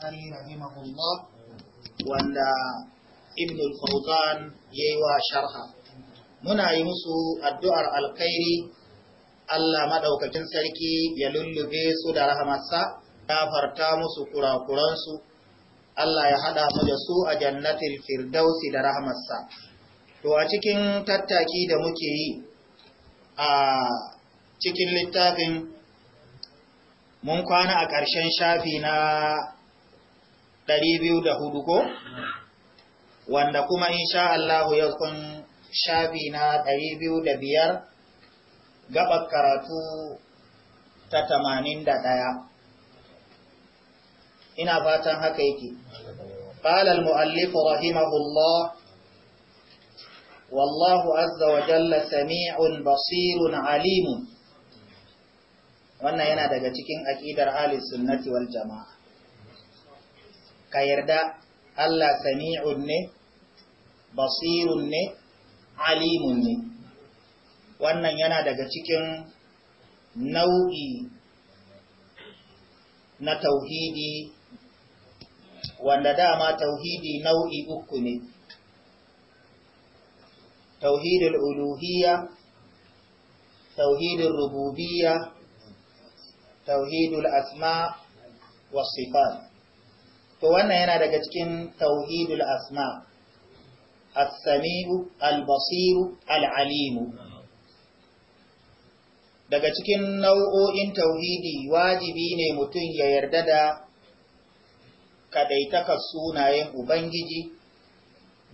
al rahimahullah wanda ibn al-fawzan yayi wa sharha muna yi musu addu'ar alkhairi Allah madaukakin sarki ya lullube su da rahamarsa farta musu kurakuransu Allah ya haɗa mu da su a jannatin firdausi da rahamarsa to a cikin tattaki da muke yi a cikin littafin mun kwana a ƙarshen shafi na hudu ko wanda kuma insha Allah ya kun shafi na 205 gabar karatu ta 81 ina fatan haka yake قال المؤلف رحمه الله والله عز وجل سميع بصير عليم wannan yana daga cikin aqidar ahli sunnati wal jama'a ka yarda Allah sami'un ne basirun ne alimun ne wannan yana daga cikin nau'i na tauhidi wanda dama tauhidi nau'i uku ne Tauhidin uluhiyya tauhidin rububiyya tauhidul asma was to wannan yana daga cikin tauhidul asma as-sami'u al-basiru al-alimu daga cikin nau'o'in tauhidi wajibi ne mutum ya yarda da kadaitaka sunayen ubangiji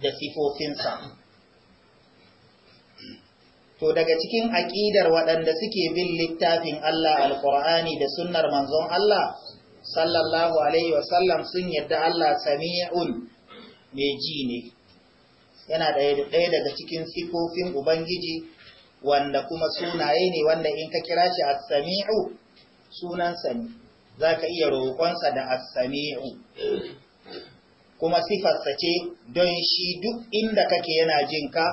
da sifofinsa to daga cikin aƙidar waɗanda suke bin littafin Allah alƙur'ani da sunnar manzon Allah sallallahu alaihi wasallam sun yadda Allah sami'un mai ji ne yana ɗaya daga cikin sifofin ubangiji wanda kuma sunaye ne wanda in ka kira shi as-sami'u sunansa ne zaka iya roƙonsa da as-sami'u kuma sifarsa ce don shi duk inda kake yana jin ka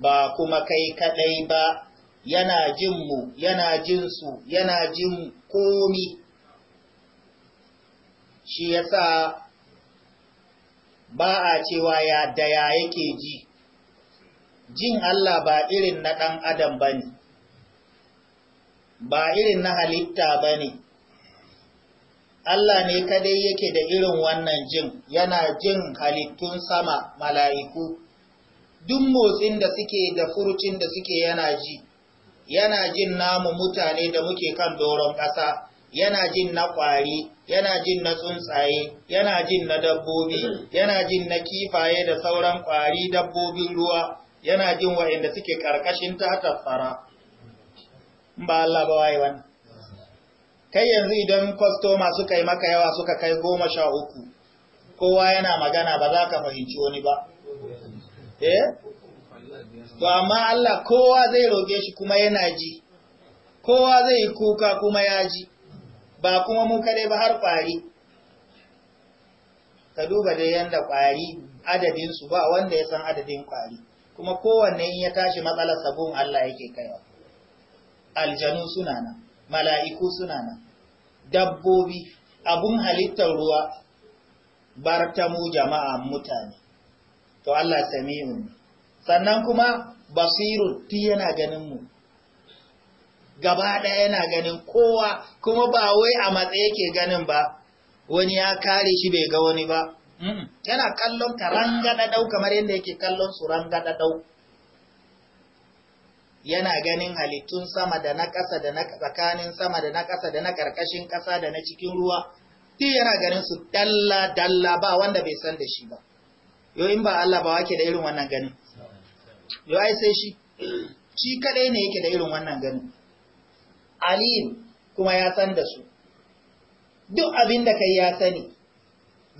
ba kuma kai kaɗai ba yana jin mu yana jin su yana jin komi shi yasa ba a cewa ya daya yake ji jin Allah ba irin na ɗan adam ba ne ba irin na halitta ba ne Allah ne kadai yake da irin wannan jin yana jin halittun sama mala'iku duk motsin da suke da furucin da suke yana ji yana jin namu mutane da muke kan doron ƙasa yana jin na ƙwari yana jin na tsuntsaye yana jin na dabbobi yana jin na kifaye da sauran ƙwari dabbobin ruwa yana jin wa'inda suke ƙarƙashin ta tattara ba Allah ba waye wani kai yanzu idan kwastoma suka yi maka yawa suka kai goma sha uku kowa yana magana ba za ka fahimci wani ba eh to amma Allah kowa zai roƙe shi kuma yana ji kowa zai yi kuka kuma ya ji ba kuma mu kare ba har kwari ka duba dai yanda ƙwari adadinsu ba wanda ya san adadin kwari kuma kowanne in ya tashi matsalar sabon Allah yake kaiwa aljanu suna nan mala'iku suna nan dabbobi abun halittar ruwa mu jama'a mutane to Allah sami'un sannan kuma basirun ti yana ganin mu gaba ɗaya yana ganin kowa kuma ba wai a matsa yake ganin ba wani ya kare shi bai ga wani ba mm. yana kallon ka rangadadau kamar yadda yake kallon su rangadadau yana ganin halittun sama da na ƙasa da na tsakanin sama da na ƙasa da na ƙarƙashin ƙasa da na cikin ruwa duk yana ganin su dalla dalla ba wanda bai san da shi ba yo in ba Allah ba wake da irin wannan ganin yo ai sai shi shi kadai ne yake da irin wannan ganin alim kuma ya san da su duk abin da kai ya sani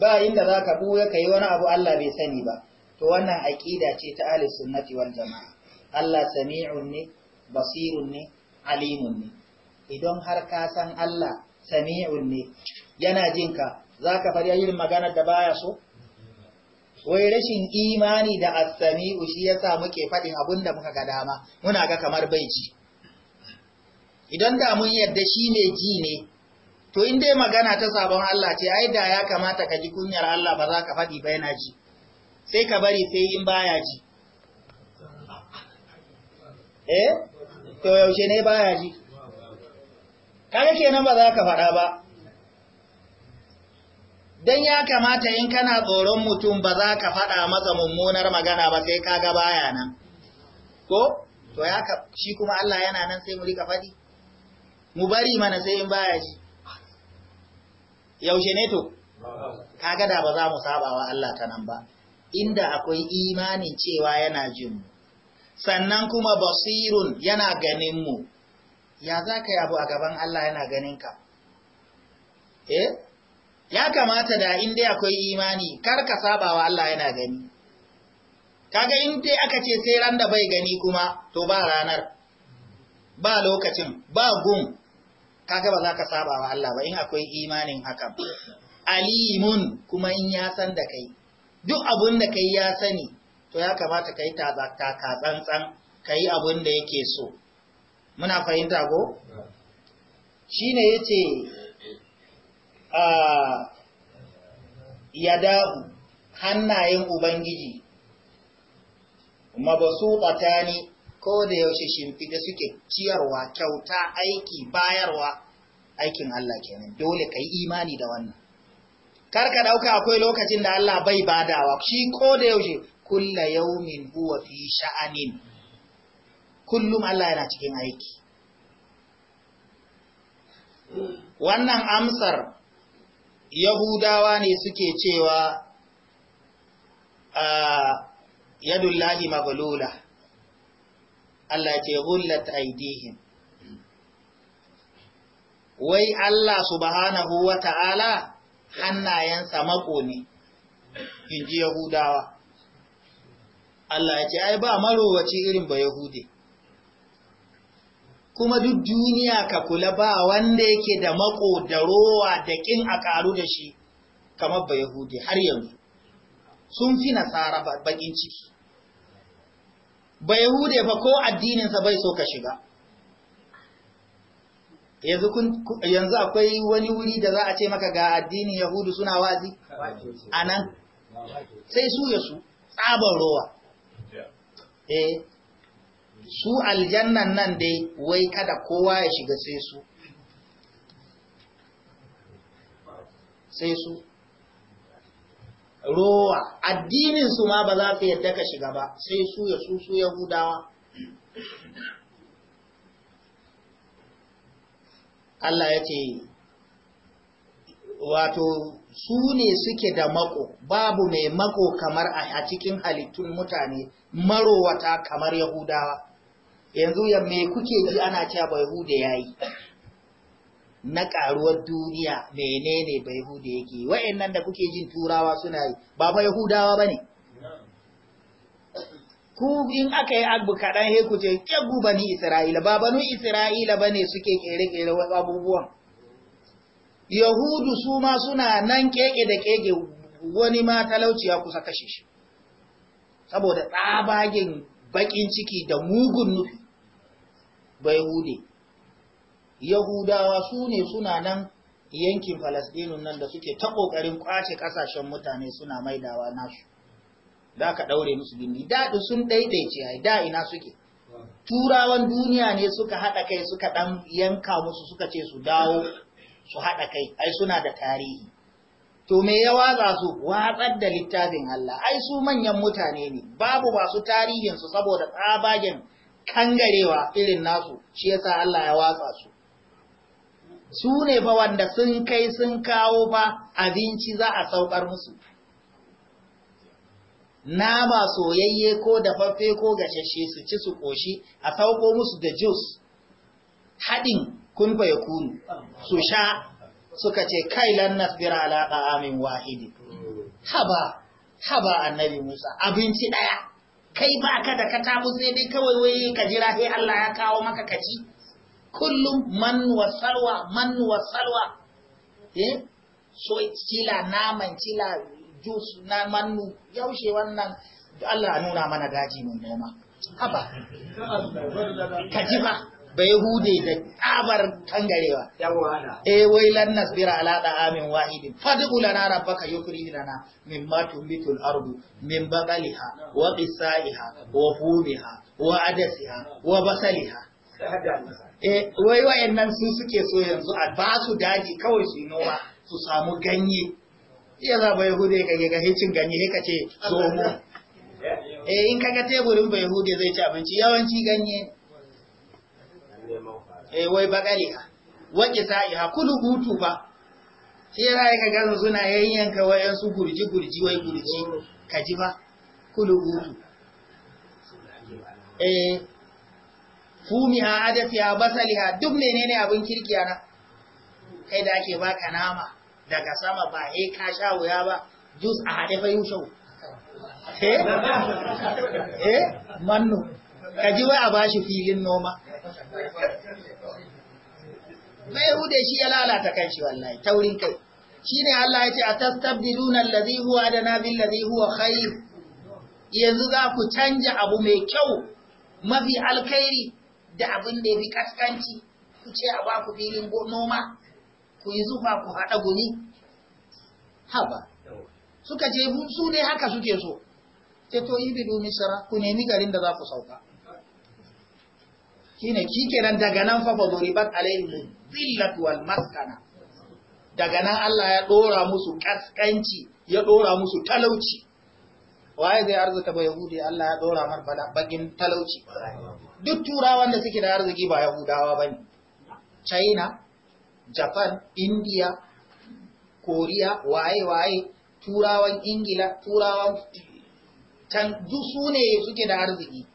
ba inda za ka buya ka yi wani abu Allah bai sani ba to wannan aƙida ce ta ahli sunnati wal jama'a Allah sami'un ne basirun ne alimun ne idan har ka san Allah sami'un ne yana jin ka za ka fara yin magana da baya so wai rashin imani da as-sami'u shi yasa muke faɗin abin da muka ga dama muna ga kamar bai idan da mun yadda shi ne ji ne to in dai magana ta sabon Allah ce ai da ya kamata ka ji kunyar Allah ba za ka faɗi ba yana ji sai ka bari sai in baya ji eh to yaushe ne baya ji kaga kenan ba za ka faɗa ba Don ya kamata in kana tsoron mutum ba za ka faɗa masa mummunar magana ba sai kaga baya nan ko to ya ka, shi kuma Allah yana nan sai mu rika faɗi mu bari mana sai in baya ji yaushe ne to kaga da ba za mu saba wa Allah ta nan ba inda akwai imanin cewa yana jin mu sannan kuma basirun yana ganin mu ya za ka yabo a gaban Allah yana ganin ka eh ya kamata da in dai akwai imani kar ka saba wa Allah yana gani kaga in dai aka ce sai ran da bai gani kuma to ba ranar ba lokacin ba gun kaga ba za ka saba wa Allah ba in akwai imanin hakan alimun kuma in ya san da kai duk abun da kai ya sani to ya kamata kai ta ka tsantsan kai abun da yake so muna fahimta go shine yace a yadahu hannayen ubangiji mabasutatani ko da yaushe shimfiɗe suke ciyarwa kyauta aiki bayarwa aikin Allah kenan dole ka imani da wannan kar ka ɗauka akwai lokacin da Allah bai badawa shi ko da yaushe kulla yaumin huwa fi sha'anin kullum Allah yana cikin aiki wannan amsar yahudawa ne suke cewa ah, yadullahi magalula Allah ce hullat aidihim wai Allah subhanahu wa ta'ala hannayensa mako ne in ji Yahudawa Allah ya ce ai ba marowaci irin ba Yahude kuma duk duniya ka kula ba wanda yake da mako da rowa da kin a ƙaru da shi kamar ba Yahude har yanzu sun fi nasara baƙin ciki ba Yahude ba ko addininsa bai so ka shiga. Yanzu akwai wani wuri da za a ce maka ga addinin Yahudu suna wazi? A nan, sai su ya su, tsabar rowa. Eh, su aljannan nan dai wai kada kowa ya shiga sai su. Sai su. rowa addinin su ma ba za su yadda ka shiga ba sai su ya su su yahudawa Allah ya ce wato su ne suke da mako babu mai mako kamar a cikin halittun mutane marowata kamar yahudawa yanzu ya me kuke ji ana cewa ba yahuda yayi na karuwar duniya menene bai hude yake wa'annan da kuke jin turawa suna yi ba ba yahudawa bane ku in aka yi abu kaɗan he ku ce bani isra'ila ba banu isra'ila bane suke kere-kere abubuwan yahudu su ma suna nan keke da keke wani ma talauci ya kusa kashe shi saboda tsabagen bakin ciki da mugun nufi bai hude yahudawa su ne suna nan yankin falasɗinun nan da suke ta ƙoƙarin ƙwace ƙasashen mutane suna maidawa nasu da ka ɗaure musu gindi daɗi sun ɗaiɗaice ai da ina suke turawan duniya ne suka haɗa kai suka ɗan yanka musu suka ce su dawo su haɗa kai ai suna da tarihi to me ya watsa su watsar da littafin Allah ai su manyan mutane ne babu masu tarihinsu saboda tsabagen kangarewa irin nasu shi yasa Allah ya watsa su su ne fa wanda sun kai sun kawo fa abinci za a saukar musu nama soyayye ko dafaffe ko gashashe su ci su ƙoshi a sauko musu da jus haɗin kun ya kunu su sha suka ce kai lan nasbira alaƙa amin wahidi haba haba annabi Musa abinci ɗaya. kai ba ka da ka katabu sai dai kawai wai ka jira sai Allah ya kawo maka kaci kullum man salwa, man wasalwa eh so cila naman cila jus na mannu yaushe wannan Allah nuna mana daji mun noma haba ka ji ba bai hude da kabar kangarewa E wai lan nasbira ala amin wahidin fad'u lana rabbaka yukhrij lana mimma tumbitul ardu min baqaliha wa qisaiha wa fumiha wa adasiha wa basaliha Eh, wai wai nan su suke so yanzu a ba su daji kawai su yi noma su samu ganye iya za ba yahude ka ga hicin ganye ka ce zomo eh in kaga teburin bai hude zai ci abinci yawanci ganye eh wai wake sa'i ha kulu hutu ba sai ya ka gano suna yayyanka su gurji gurji wai gurji kaji ba kulu hutu eh fumiha basali basaliha duk menene abin kirki na kai da ake baka nama daga sama ba he ka sha wuya ba jus a hade fa yusho eh eh mannu kaji wai a bashi filin noma mai hude shi ya lalata kan shi wallahi taurin kai shine Allah ya ce atastabdiluna alladhi huwa adana bil ladhi huwa khair yanzu za ku canja abu mai kyau mafi alkhairi da abin da ya fi kaskanci ku ce a ba ku filin noma ku yi zufa ku haɗa gumi haba suka ce su ne haka suke so ce to ibidu misra ku nemi garin da za ku sauka shine nan daga nan fa ba alaihim zillatu wal maskana daga nan Allah ya ɗora musu kaskanci ya ɗora musu talauci waye zai arzuta ba yahudi Allah ya ɗora mar bakin talauci duk turawan da suke da arziki ba yahudawa ba ne china japan india koriya waye-waye turawan ingila turawan can duk su ne suke da arziki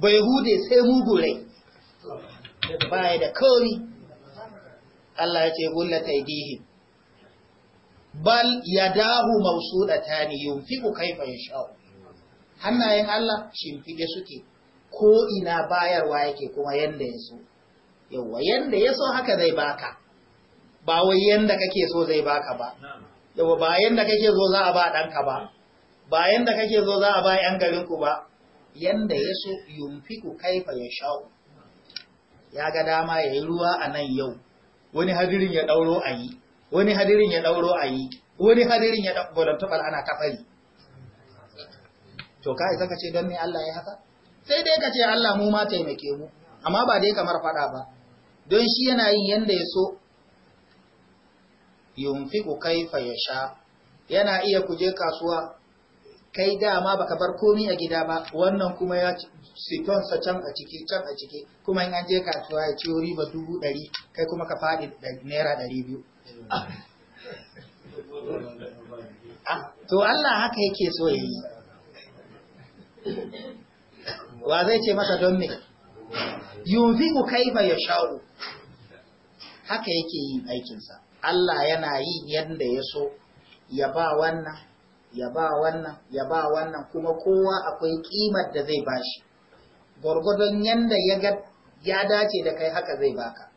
ba yahude sai mugurai baya da kori Allah ya ce gulla taidihi bal yadahu fi ku kaifa yasha hannayen Allah shimfide suke ko ina bayarwa yake kuma yanda ya so yawwa yanda ya so haka zai baka ba wai yanda kake so zai baka ba yawwa ba yanda kake so za a ba ɗanka ba ba yanda kake so za a ba ‘yan garinku ba yanda ya so yumfiku kaifa ya sha'u ya ga dama ya yi ruwa a nan yau wani hadirin ya ɗauro a yi wani hadirin ya ɗauro a yi wani hadirin ya ɗauro ana kafari to ka isa ka ce don me Allah ya haka sai dai ka ce Allah mu ma taimake mu amma ba dai kamar fada ba don shi yana yin yanda ya so yunfiqu kaifa yasha yana iya kuje kasuwa kai dama baka bar komai a gida ba wannan kuma ya siton sa can a ciki can a ciki kuma in an je kasuwa ya ciyo riba dubu ɗari kai kuma ka faɗi naira ɗari biyu ah, to Allah haka yake so yayi yi wa zai ce masa don me yunfiku kaifa yasha'u haka yake yin aikinsa Allah yana yi yadda ya so ya ba wannan ya ba wannan ya ba wannan kuma kowa akwai kimar da zai bashi gwargwadon yadda ya ga ya dace da kai haka zai baka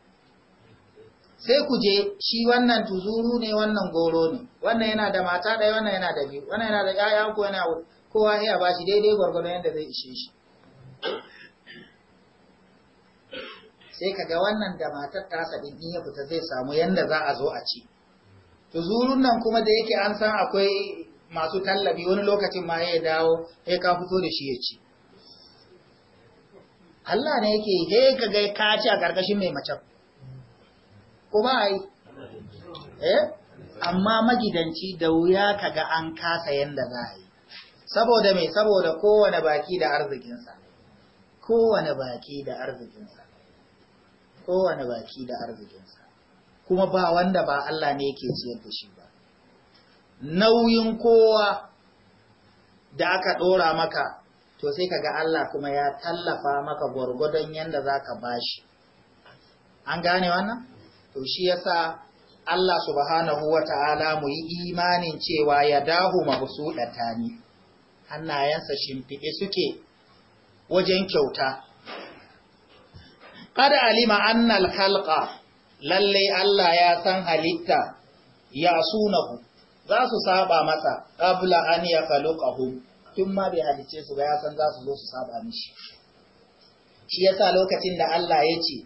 sai ku je shi wannan tuzuru ne wannan goro ne wannan yana da mata ɗaya wannan yana da biyu wannan yana da ƴaƴa ko yana kowa iya bashi daidai gwargwadon yadda zai ishe shi sai ka ga wannan da matar ta saɗin in ya fita zai samu yanda za a zo a ci tuzurun nan kuma da yake an san akwai masu tallabi wani lokacin ma ya dawo ya ka fito da shi ya ci Allah ne yake he ka ga ka ci a ƙarƙashin mai macen kuma ai eh amma magidanci da wuya kaga an kasa yanda za a yi saboda me saboda kowane baki da arzikinsa kowane baki da arzikinsa kowane baki da arzikinsa kuma ba wanda ba Allah ne yake siyar da shi ba nauyin kowa da aka ɗora maka to sai ga Allah kuma ya tallafa maka gwargwadon yanda zaka bashi an gane wannan to shi yasa Allah subhanahu wata'ala mu yi imanin cewa ya dahu da ni hannayensa shimfiɗe suke wajen kyauta kada alima annal halka lallai Allah ya san halitta ya sunahu za su saba masa qabla an ya khaluqahum tun ma bai halice su ba ya san za su zo su saba mishi shi yasa lokacin da Allah ya ce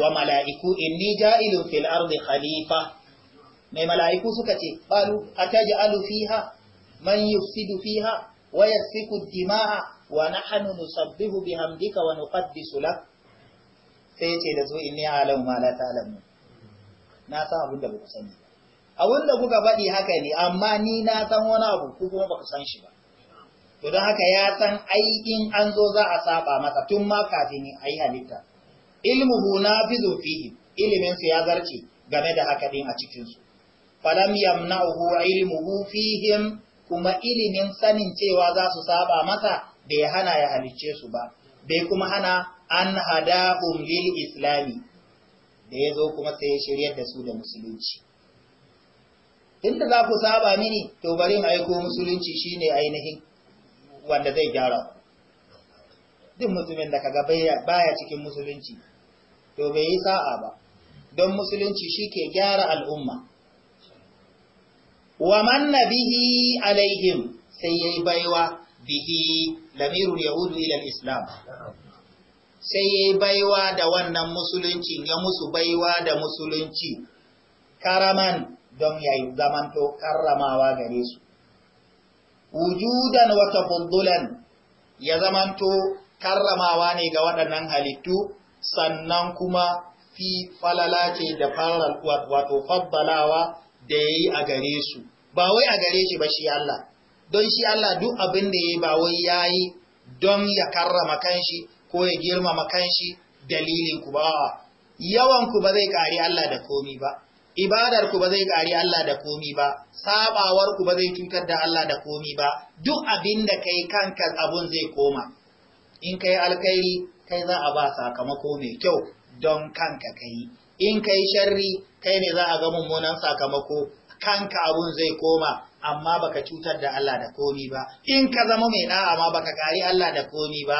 wa mala'iku inni ja'ilun fil ardi khalifa mai mala'iku suka ce qalu ataj'alu fiha man yufsidu fiha wa yasfiku dima'a wa nahnu nusabbihu bihamdika wani nuqaddisu lak sai ce da su inni alamu ma la ta'lamu na san abin da ku sani Abun da kuka faɗi haka ne amma ni na san wani abu ku kuma baku san shi ba to don haka ya san aikin in an zo za a saba masa tun ma kafin a yi halitta ilmuhu nafizu fihi ilimin su ya zarce game da haka din a cikin su falam yamna'uhu ilmuhu fihim kuma ilimin sanin cewa za su saba masa bai hana ya halicce su ba bai kuma hana an hada um lil islami da ya zo kuma sai ya shiryar da su da musulunci Inda za ku saba mini to bari aiko musulunci shine ainihin wanda zai gyara ku duk musulmin da kaga baya cikin musulunci to bai yi sa'a ba don musulunci shi ke gyara al'umma wa man bihi alaihim sai yayi baiwa bihi lamirul yahudu ila islam sai yi baiwa da wannan musulunci ya musu baiwa da musulunci karaman don yi zamanto karramawa gare su wujudan wata tafaddulan ya zamanto karramawa ne ga waɗannan halittu sannan kuma fi falala ce da fara wato faddalawa da yayi a gare su ba wai a gare shi ba shi Allah don shi Allah duk abin da ya ba wai ya yi don ya karrama kanshi ko ya girmama kanshi dalilin ku ba yawan ku ba zai ƙari Allah da komi ba ibadar ku ba zai ƙari Allah da komi ba sabawar ku ba zai cutar da Allah da komi ba duk abin da kai kanka abun zai koma in kai alkhairi kai za a ba sakamako mai kyau don kanka kai in kai sharri kai ne za a ga mummunan sakamako kanka abun zai koma amma baka cutar da Allah da komi ba in ka zama mai da'a ma baka kari Allah da komi ba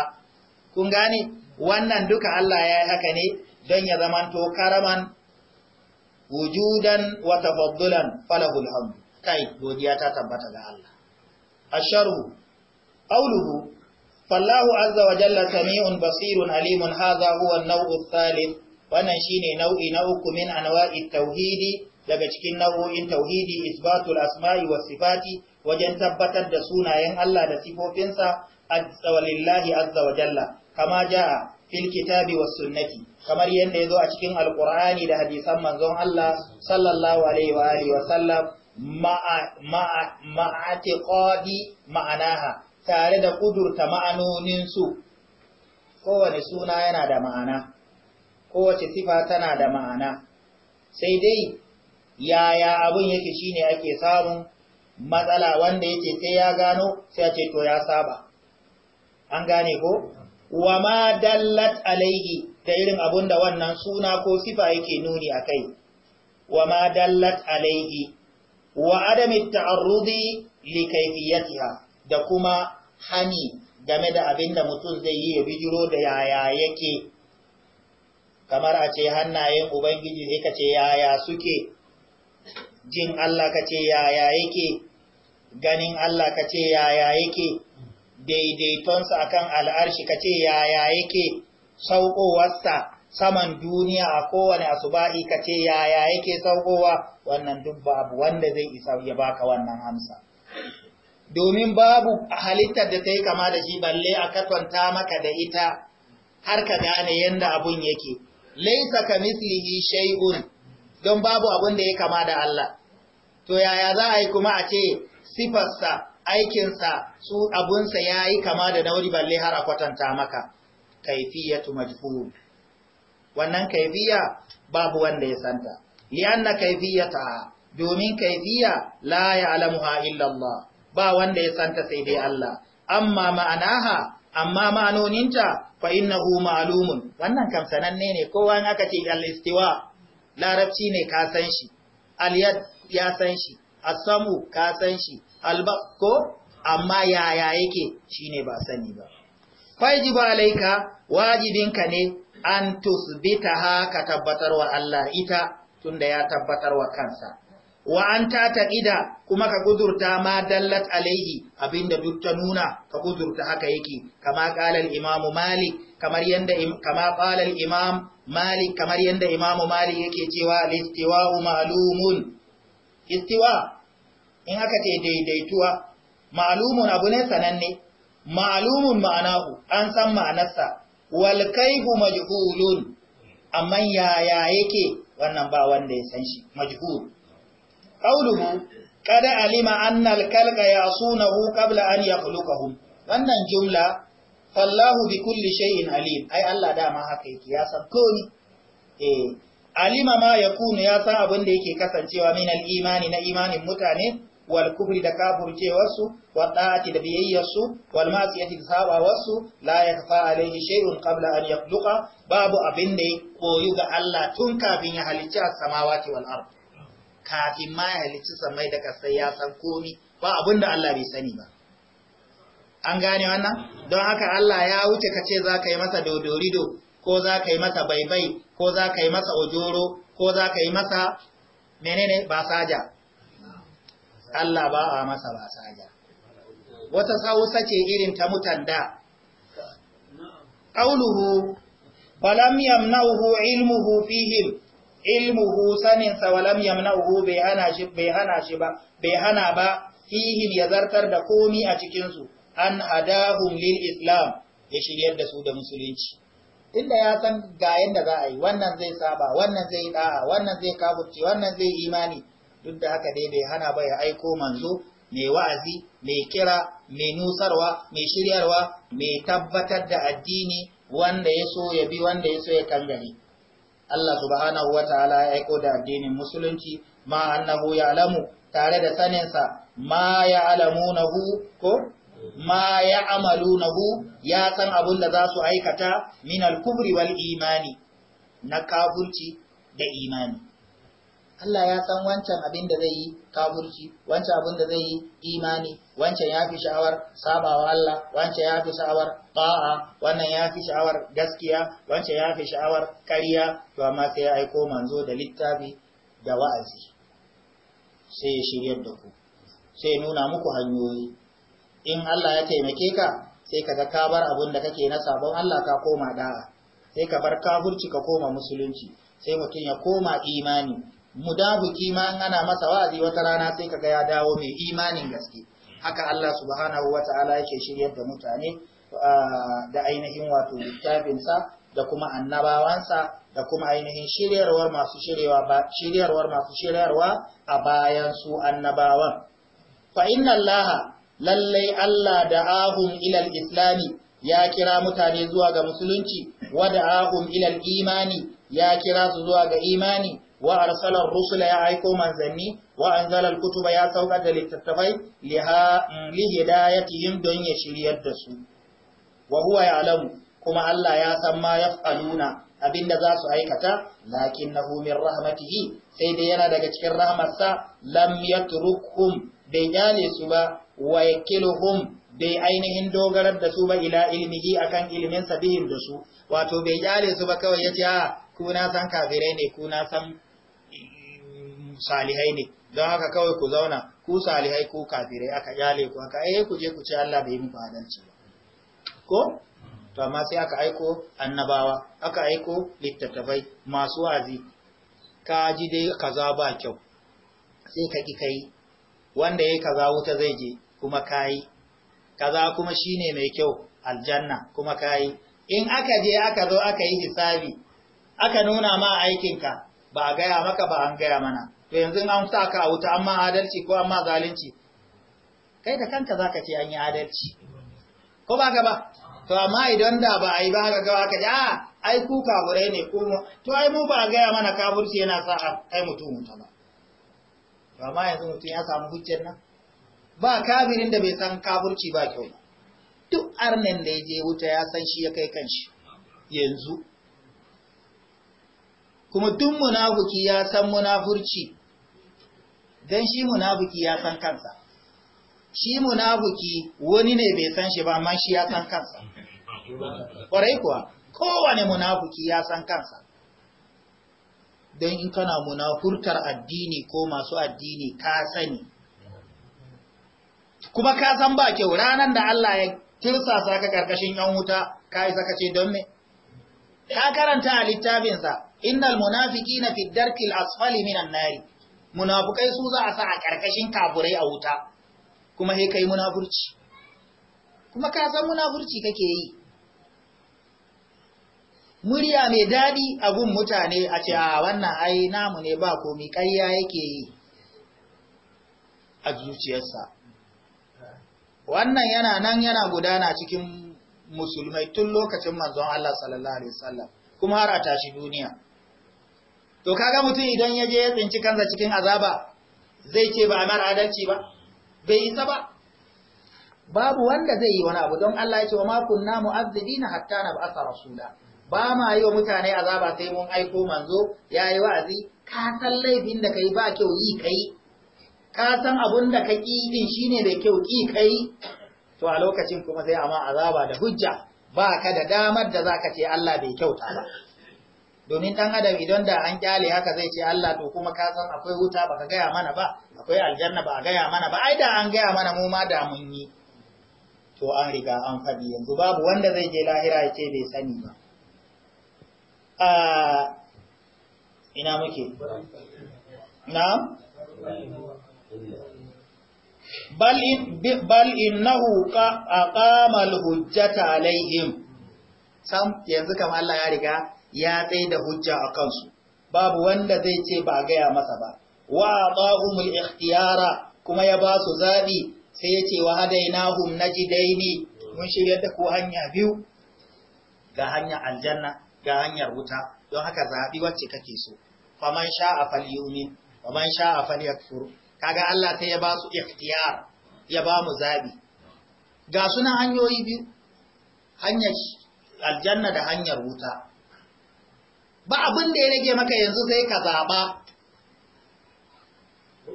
kun gane wannan duka Allah ya yi haka ne don ya zamanto karaman wujudan wa tafaddulan falahul hamd kai godiya ta tabbata ga Allah asharu qawluhu fallahu azza wa jalla sami'un basirun alimun hadha huwa an-naw'u ath-thalith wannan shine nau'i na uku min anwa'i tauhidi daga cikin nau'o'in tauhidi isbatul asma'i was sifati wajen tabbatar da sunayen Allah da sifofinsa azza wa lillahi azza wa jalla kama jaa fil kitabi was sunnati kamar yadda yazo a cikin alqur'ani da hadisan manzon Allah sallallahu alaihi wa alihi wa sallam ma'a ma'a ma'anaha tare da kudurta ma'anonin su kowane suna yana da ma'ana kowace sifa tana da ma'ana sai dai yaya abun yake shine ake samun matsala wanda yake sai ya gano sai ya ce to ya saba an gane ko wa ma dallat alaihi da irin abun da wannan suna ko sifa yake nuni akai wa ma dallat alaihi wa adami ta'arrudi li kayfiyatiha da kuma hani game da abin da mutum zai yi ya bijiro da yaya yake kamar a ce hannayen ubangiji ne ka ce yaya suke jin Allah ka ce yaya yake ganin Allah ka ce yaya yake daidaitonsa akan al'arshi ka ce yaya yake sauƙowarsa saman duniya a kowane asuba'i ka ce yaya yake sauƙowa wannan duk babu wanda zai isa ya baka wannan amsa domin babu halittar da ta yi kama da shi balle a katwanta maka da ita har ka gane yadda abun yake laisa ka mislihi shai'un. don babu abin da ya kama da Allah to yaya za a yi kuma a ce sifarsa aikinsa su abunsa ya yi kama da nauri balle har a kwatanta maka tu majhul wannan kaifiya babu wanda ya santa li'anna kaifiyata domin kaifiya la alamu illa illallah. ba wanda ya santa sai dai Allah amma ma'anaha amma ma'anoninta fa innahu ma'lumun wannan kam sananne ne kowa in aka ce al-istiwa larabci ne ka san shi Aliyat ya san shi asamu ka san shi albako amma yaya yake shine ba sani ba ba alaika wajibinka ne an ha ka tabbatar wa Allah ita tunda ya tabbatar wa kansa wa an ta taƙida kuma ka gudurta ma dallat alaihi abinda duk ta nuna ka gudurta haka yake kama ƙalar imamu malik kamar yanda kama qala imam malik kamar yanda imam malik yake cewa al ma'alumun. ma'lumun istiwa in aka ce daidaituwa ma'lumun abu ne sananne ma'lumun ma'anahu an san ma'anarsa wal majhulun amma yaya yake wannan ba wanda ya san shi majhul qauluhu kada alima anna al-khalqa yasunahu qabla an yakhluqahum wannan jumla fallahu bi kulli shay'in alim ai Allah dama haka yake ya san komai eh alima ma yakunu ya san abin da yake kasancewa min al-imani na imanin mutane wal kufri da kafurcewarsu wa da'ati da biyayyarsu wal ma'siyati da sabawarsu la yakfa alayhi shay'un qabla an yakhluqa babu abin da ya koyu ga Allah tun kafin ya halicci as-samawati wal ard kafin ma ya halicci samai da kasai ya san komai ba abin da Allah bai sani ba an gane wannan don haka Allah ya wuce ka ce za ka yi masa dodorido ko za ka yi masa baibai ko za ka yi masa ojoro ko za ka yi masa menene basaja Allah ba a masa basaja wata sausa ce irin ta mutanda qauluhu falam yamna'uhu ilmuhu fihim ilmuhu saninsa walam yamna'uhu bai hana shi ba ba fihim ya zartar da komi a cikin su an hadahum lil islam ya shiryar da su da musulunci inda ya san ga yadda za a yi wannan zai saba wannan zai da'a wannan zai kafurci wannan zai imani duk da haka dai bai hana ba ya aiko manzo mai wa'azi mai kira mai nusarwa mai shiryarwa mai tabbatar da addini wanda ya so ya bi wanda ya so ya kangare Allah subhanahu wa ta'ala ya aiko da addinin musulunci ma annahu ya'lamu tare da saninsa ma ya'lamunahu ko ma ya amalu Hu ya san abin da za su aikata min alkubri wal imani na kafurci da imani Allah ya san wancan abin da zai yi kafurci wancan abin da zai yi imani wancan ya fi sha'awar sabawa Allah wancan ya fi sha'awar ba'a wannan ya fi sha'awar gaskiya wancan ya fi sha'awar kariya, to amma sai ya aiko manzo da littafi da wa'azi sai ya shiryar da ku sai ya nuna muku hanyoyi in Allah ya taimake ka sai ka ga kabar bar abun da kake na sabon Allah ka koma da'a sai ka bar kafurci ka koma musulunci sai mutum ya koma imani mudabuki ma in ana masa wa'azi wata rana sai ka ga ya dawo mai imanin gaske haka Allah subhanahu wata'ala yake shiryar da mutane da ainihin wato littafinsa da kuma annabawansa da kuma ainihin shiryarwar masu shiryarwar masu shiryarwa a bayan su annabawan fa inna allaha lallai Allah da ahun ilal islami ya kira mutane zuwa ga musulunci wa da ahun ilal imani ya kira su zuwa ga imani wa arsalar rusula ya aiko manzanni wa anzalar kutuba ya sauka da littattafai li hidayatihim don ya shiryar da su wa huwa kuma Allah ya san ma abin da za su aikata lakin lakinnahu min rahmatihi sai dai yana daga cikin rahmarsa lam yatrukhum bai yale su ba wa yakiluhum bai ainihin dogarar da su ba ila ilmihi akan ilmin sabihin da su wato bai yare su ba kawai yace a ah, ku na san kafirai ne ku na san mm, salihai ne don haka kawai ku zauna ku salihai ku kafirai aka kyale ku aka eh ku je ku ce Allah bai muku adalci ba ko to amma sai aka aiko annabawa aka aiko littattafai masu wazi ka ji dai kaza ba kyau sai ka ki kai wanda yayi kaza wuta zai je kuma kayi kaza kuma shine mai kyau aljanna kuma kayi in aka je aka zo aka yi hisabi aka nuna ma aikinka ba a gaya maka ba an gaya mana to yanzu an sa ka a wuta amma adalci ko amma zalunci kai da kanka zaka ce an yi adalci ko ba ba to amma idan da ba a yi ba haka ga aka ji a ah, ai ku gure ne ku mu to ai mu ba a gaya mana kafirci yana sa ai mutum mutum ba to amma yanzu mutum ya samu hujjar nan ba kafirin da bai san kafurci ba kyau ba duk arnan da ya je wuta ya san shi ya kai kanshi yanzu kuma duk munafuki ya san munafurci don shi munafuki ya san kansa shi munafuki wani ne bai san shi ba amma shi ya san kansa ƙwarai kuwa kowane munafuki ya san kansa don in kana munafurtar addini ko masu addini ka sani kuma ka san ba kyau ranar da Allah ya tirsasa ka karkashin yan wuta ka yi ce don me ka karanta a littafinsa innal munafiqina fi darkil asfali minan nari munafukai su za a sa a karkashin kaburai a wuta kuma he kai munafurci kuma ka san munafurci kake yi murya mai daɗi a gun mutane a ce a wannan ai namu ne ba komi ƙarya yake yi a zuciyarsa wannan yana nan yana gudana cikin musulmai tun lokacin manzon Allah sallallahu alaihi wasallam kuma har a tashi duniya to kaga mutum idan ya je ya tsinci kansa cikin azaba zai ce ba mara adalci ba bai isa ba babu wanda zai yi wani abu don Allah ya ce wa ma kunna mu'azzibina hatta nab'atha rasula ba ma yi wa mutane azaba sai mun aiko manzo yi wa'azi ka san laifin da kai ba kyau yi kai Kasan abun da ka ƙi din shine da kyau ƙi kai to a lokacin kuma sai amma azaba da hujja ba ka da damar da zaka ce Allah bai kyauta ba domin ɗan adam idan da an kyale haka zai ce Allah to kuma kasan san akwai wuta ka gaya mana ba akwai aljanna ba a gaya mana ba ai da an gaya mana mu ma da mun yi to an riga an faɗi yanzu babu wanda zai je lahira ya ce bai sani ba a ina muke na bal innahu aqama al-hujjata alaihim sam yanzu kamar Allah ya riga ya tsaye da hujja a kansu babu wanda zai ce ba gaya masa ba wa atahumul ikhtiyara kuma ya ba su zabi sai ya ce wa hadainahum daini? mun shirya da ko hanya biyu ga hanyar aljanna ga hanyar wuta don haka zabi wacce kake so faman sha'a falyumin faman sha'a falyakfur kaga Allah sai ya ba su ikhtiyar ya ba mu zabi ga sunan hanyoyi biyu hanyar aljanna da hanyar wuta ba abin da ya rage maka yanzu sai ka zaba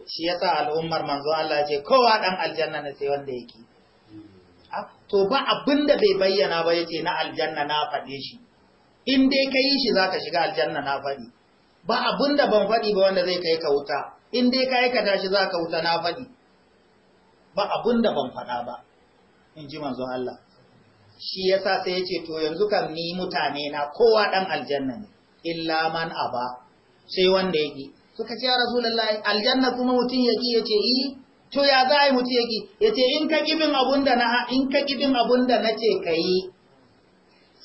shi yasa al'ummar manzo Allah ce kowa dan aljanna ne sai wanda yake hmm. ah, to ba abin da bai bayyana ba yace na aljanna na faɗe shi in dai ka yi shi zaka shiga aljanna na faɗi ba abin ban faɗi ba wanda zai kai ka wuta in dai ka aikata shi za ka wuta na faɗi ba abun da ban faɗa ba in ji manzo Allah shi yasa sai ya ce to yanzu kan ni mutane na kowa ɗan aljanna ne illa man aba sai wanda ya ƙi suka ce ya rasulullahi aljanna kuma mutum ya ƙi ya ce eh, to ya za a yi mutum ya ƙi ya ce in ka ƙi bin da na in ka ƙi bin abun da na ce ka yi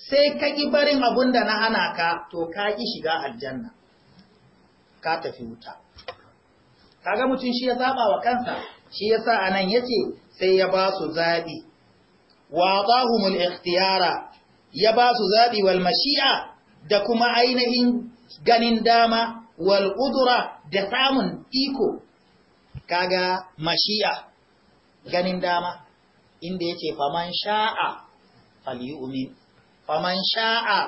sai ka ƙi barin abun da na hana ka to ka ƙi shiga aljanna ka tafi wuta kaga mutum shi ya zaba wa kansa shi yasa anan yace sai ya ba su zabi wa adahumul ikhtiyara ya ba su zabi wal mashi'a da kuma ainihin ganin dama wal qudra da samun iko kaga mashi'a ganin dama inda yace faman sha'a falyu'min faman sha'a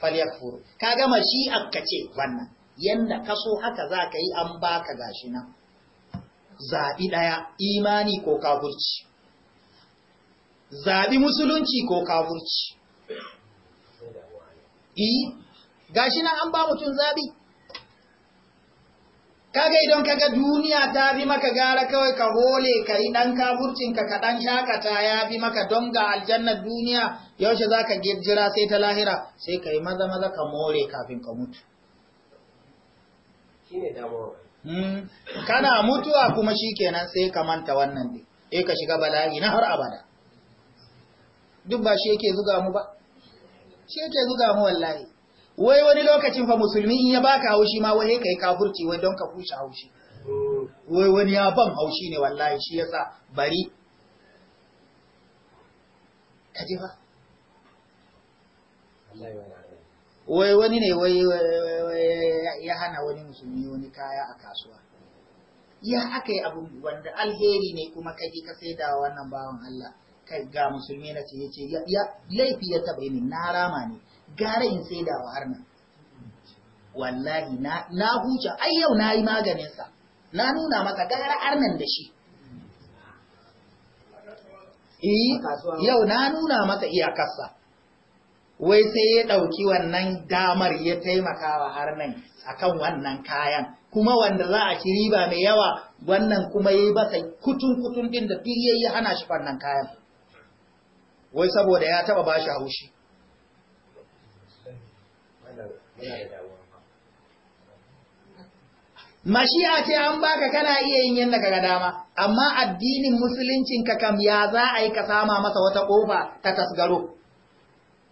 falyakfur kaga mashi'a kace wannan yanda kaso haka zaka yi an baka gashi nan zaɓi ɗaya imani ko kafurci zaɓi musulunci ko kafurci I, e, gashi nan an ba mutum zaɓi kaga idan kaga duniya ta bi maka gara kawai ka hole ka yi ɗan kaburcinka ka ɗan shakata ya bi maka don ga aljannar duniya yaushe za ka jira sai ta lahira sai ka yi maza maza ka more kafin ka mutu Hmm. Kana mutuwa kuma shi kenan sai ka manta wannan din, e ka shiga bala'i na har abada. Duk ba shi yake zuga mu ba, shi yake zuga mu wallahi. Wai wani lokacin fa musulmi in ya baka haushi ma wai kai kafurci wai don ka kusa haushi. Wai wani ya ban haushi ne wallahi shi yasa bari. Kaji ba Wallahi wallahi. wai wani ne wai ya hana wani musulmi wani kaya a kasuwa ya aka yi abu wanda alheri ne kuma kai ka da wannan bawan Allah kai ga musulmi na ce yace ya laifi ya taba ni na rama ne gara in da wa harna wallahi na na huce ai yau na yi maganin sa na nuna maka gara arnan da shi eh yau na nuna maka iyakasa. wai sai ya ɗauki wannan damar ya taimaka wa harnan akan wannan kayan kuma wanda za a ci ba mai yawa wannan kuma ya yi basa kutun kutun ɗin da duk ya hana shi wannan kayan wai saboda ya taɓa ba shi haushi Mashiya ce an baka kana iya yin yadda kaga dama, amma addinin musuluncinka kam ya za a yi ka sama masa wata ƙofa ta tasgaro.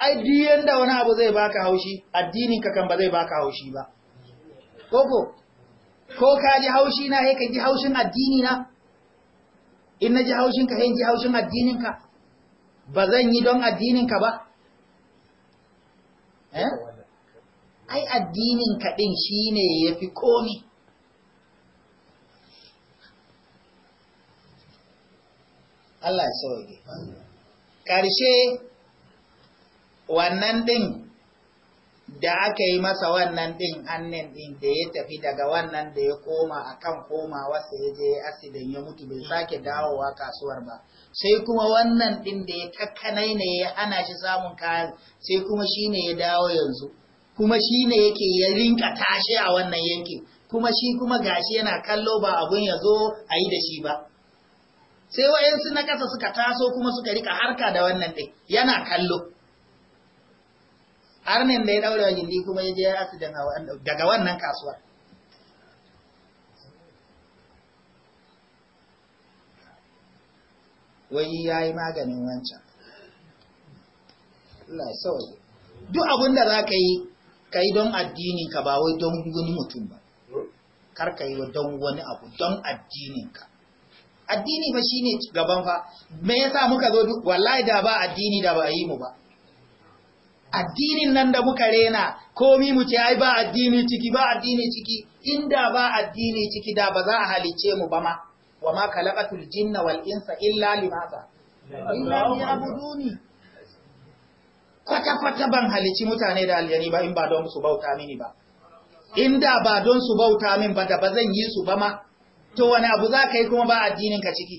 ai diyan yanda wani abu zai baka haushi addinin ka kan ba zai baka haushi ba koko ko ka ji haushi na sai ka ji haushin addini na in na ji haushin ka sai ji haushin addinin ka ba zan yi don addinin ka ba eh ai addinin ka din shine yafi komi Allah ya sauke ƙarshe wannan ɗin da aka yi masa wannan ɗin hannun ɗin da ya tafi daga wannan da ya koma a kan komawa ya je asidan ya mutu bai sake dawowa kasuwar ba sai kuma wannan ɗin da ya kakkanai ne ya hana shi samun kayan sai kuma shi ne ya dawo yanzu kuma shi ne yake ya rinka tashi a wannan yanki kuma shi kuma gashi yana kallo ba abun ya zo a yi da shi ba sai wa'yansu na kasa suka taso kuma suka rika harka da wannan ɗin yana kallo arnin da ya daure wa gindi kuma ya je ya asu a daga wannan kasuwar wai ya yi maganin wancan duk abin da za ka yi ka yi don addini ka ba wai don wani mutum ba kar ka yi don wani abu don addininka addini ba shine gaban fa me yasa muka zo duk wallahi da ba addini da ba yi mu ba addinin nan da muka rena komi mu ce ai ba addini ciki ba addini ciki inda ba addini ciki da ba za a halice mu ba ma wa ma kalaqatul jinna wal insa illa limaza illa liyabuduni kwata kwata ban halici mutane da aljani ba in ba don su bauta mini ba inda ba don su bauta min ba da ba zan yi su ba ma to wani abu za ka yi kuma ba addinin ka ciki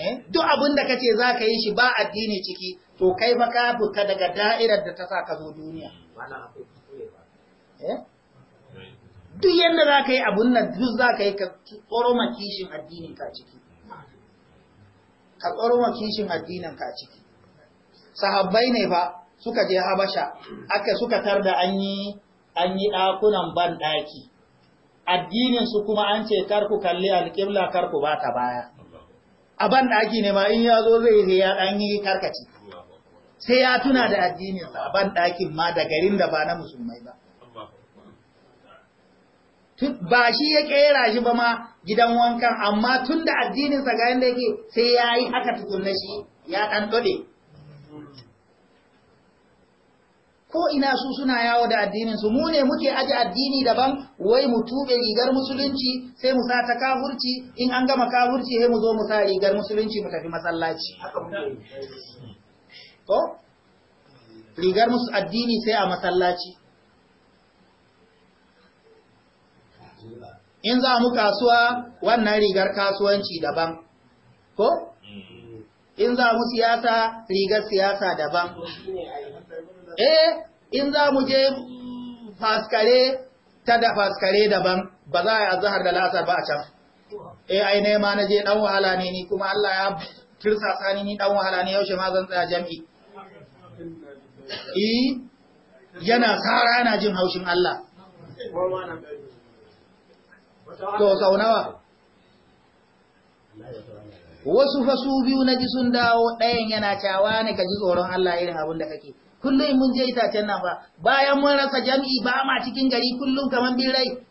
eh? duk abin da kace za ka yi shi ba addini ciki to kai fa ka daga da'irar da ta sa ka zo duniya eh? duk yadda za ka yi abun nan duk za ka yi ka tsoro makishin addinin ka ciki ka tsoro makishin addinin ka ciki sahabbai ne ba suka je habasha aka suka tar da an yi an yi ɗakunan ban ɗaki su kuma an ce kar ku kalli alƙibla kar ku ba ta baya a ban ɗaki ne ma in ya zo zai ya ɗan yi karkaci sai ya tuna da addininsa a ban ɗakin ma da garin da ba na musulmai ba ba shi ya kera shi ba ma gidan wankan amma tun da addininsa ga yadda yake sai ya yi haka tukunna shi ya ɗan ɗode ko ina su suna yawo da addinin su mu ne muke aje addini daban wai mu tuɓe rigar musulunci sai mu sa ta kafurci in an gama kafurci sai mu zo mu sa rigar musulunci mu tafi masallaci ko rigar musu addini sai a masallaci in za mu kasuwa wannan rigar kasuwanci daban ko in za mu siyasa rigar siyasa daban eh in za mu je faskare ta da faskare daban ba za a zahar da lasar ba a can eh ai nema na je dan wahala ne ni kuma Allah ya tirsa sani ni dan wahala ne yaushe ma zan tsaya jami'i eh yana tsara yana jin haushin Allah to sau nawa wasu fasu biyu na ji sun dawo ɗayan yana cawa ne ka ji tsoron Allah irin abin da kake kullum mun je itacen nan fa bayan mun rasa jami'i ba ma cikin gari kullum kaman birai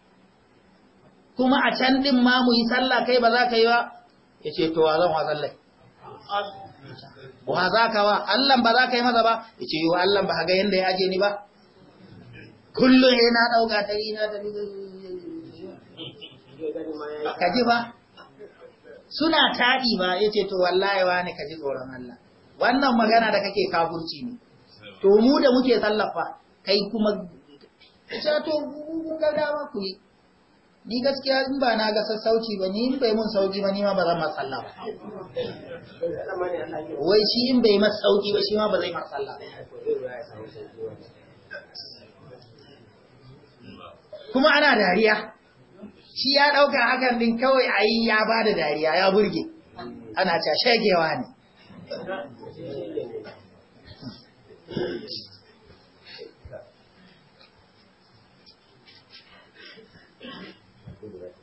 kuma a can din ma mu yi sallah kai ba za ka yi ba yace to wa zan wa sallah wa za ka wa Allah ba za ka yi maza ba yace yo Allah ba ga yanda ya je ni ba kullum ya na ɗauka ta yi na ni? ka ji ba suna taɗi ba yace to wallahi wa ne ka tsoron Allah wannan magana da kake kafurci ne to mu da muke sallafa kai kuma ce to ku ga dama ku yi ni gaskiya in ba na ga sassauci ba ni in bai mun sauki ba ni ma ba zan ma sallah ba wai shi in bai masa sauki ba shi ma ba zai ma sallah kuma ana dariya shi ya dauka hakan din kawai ayi ya ba da dariya ya burge ana ta shagewa ne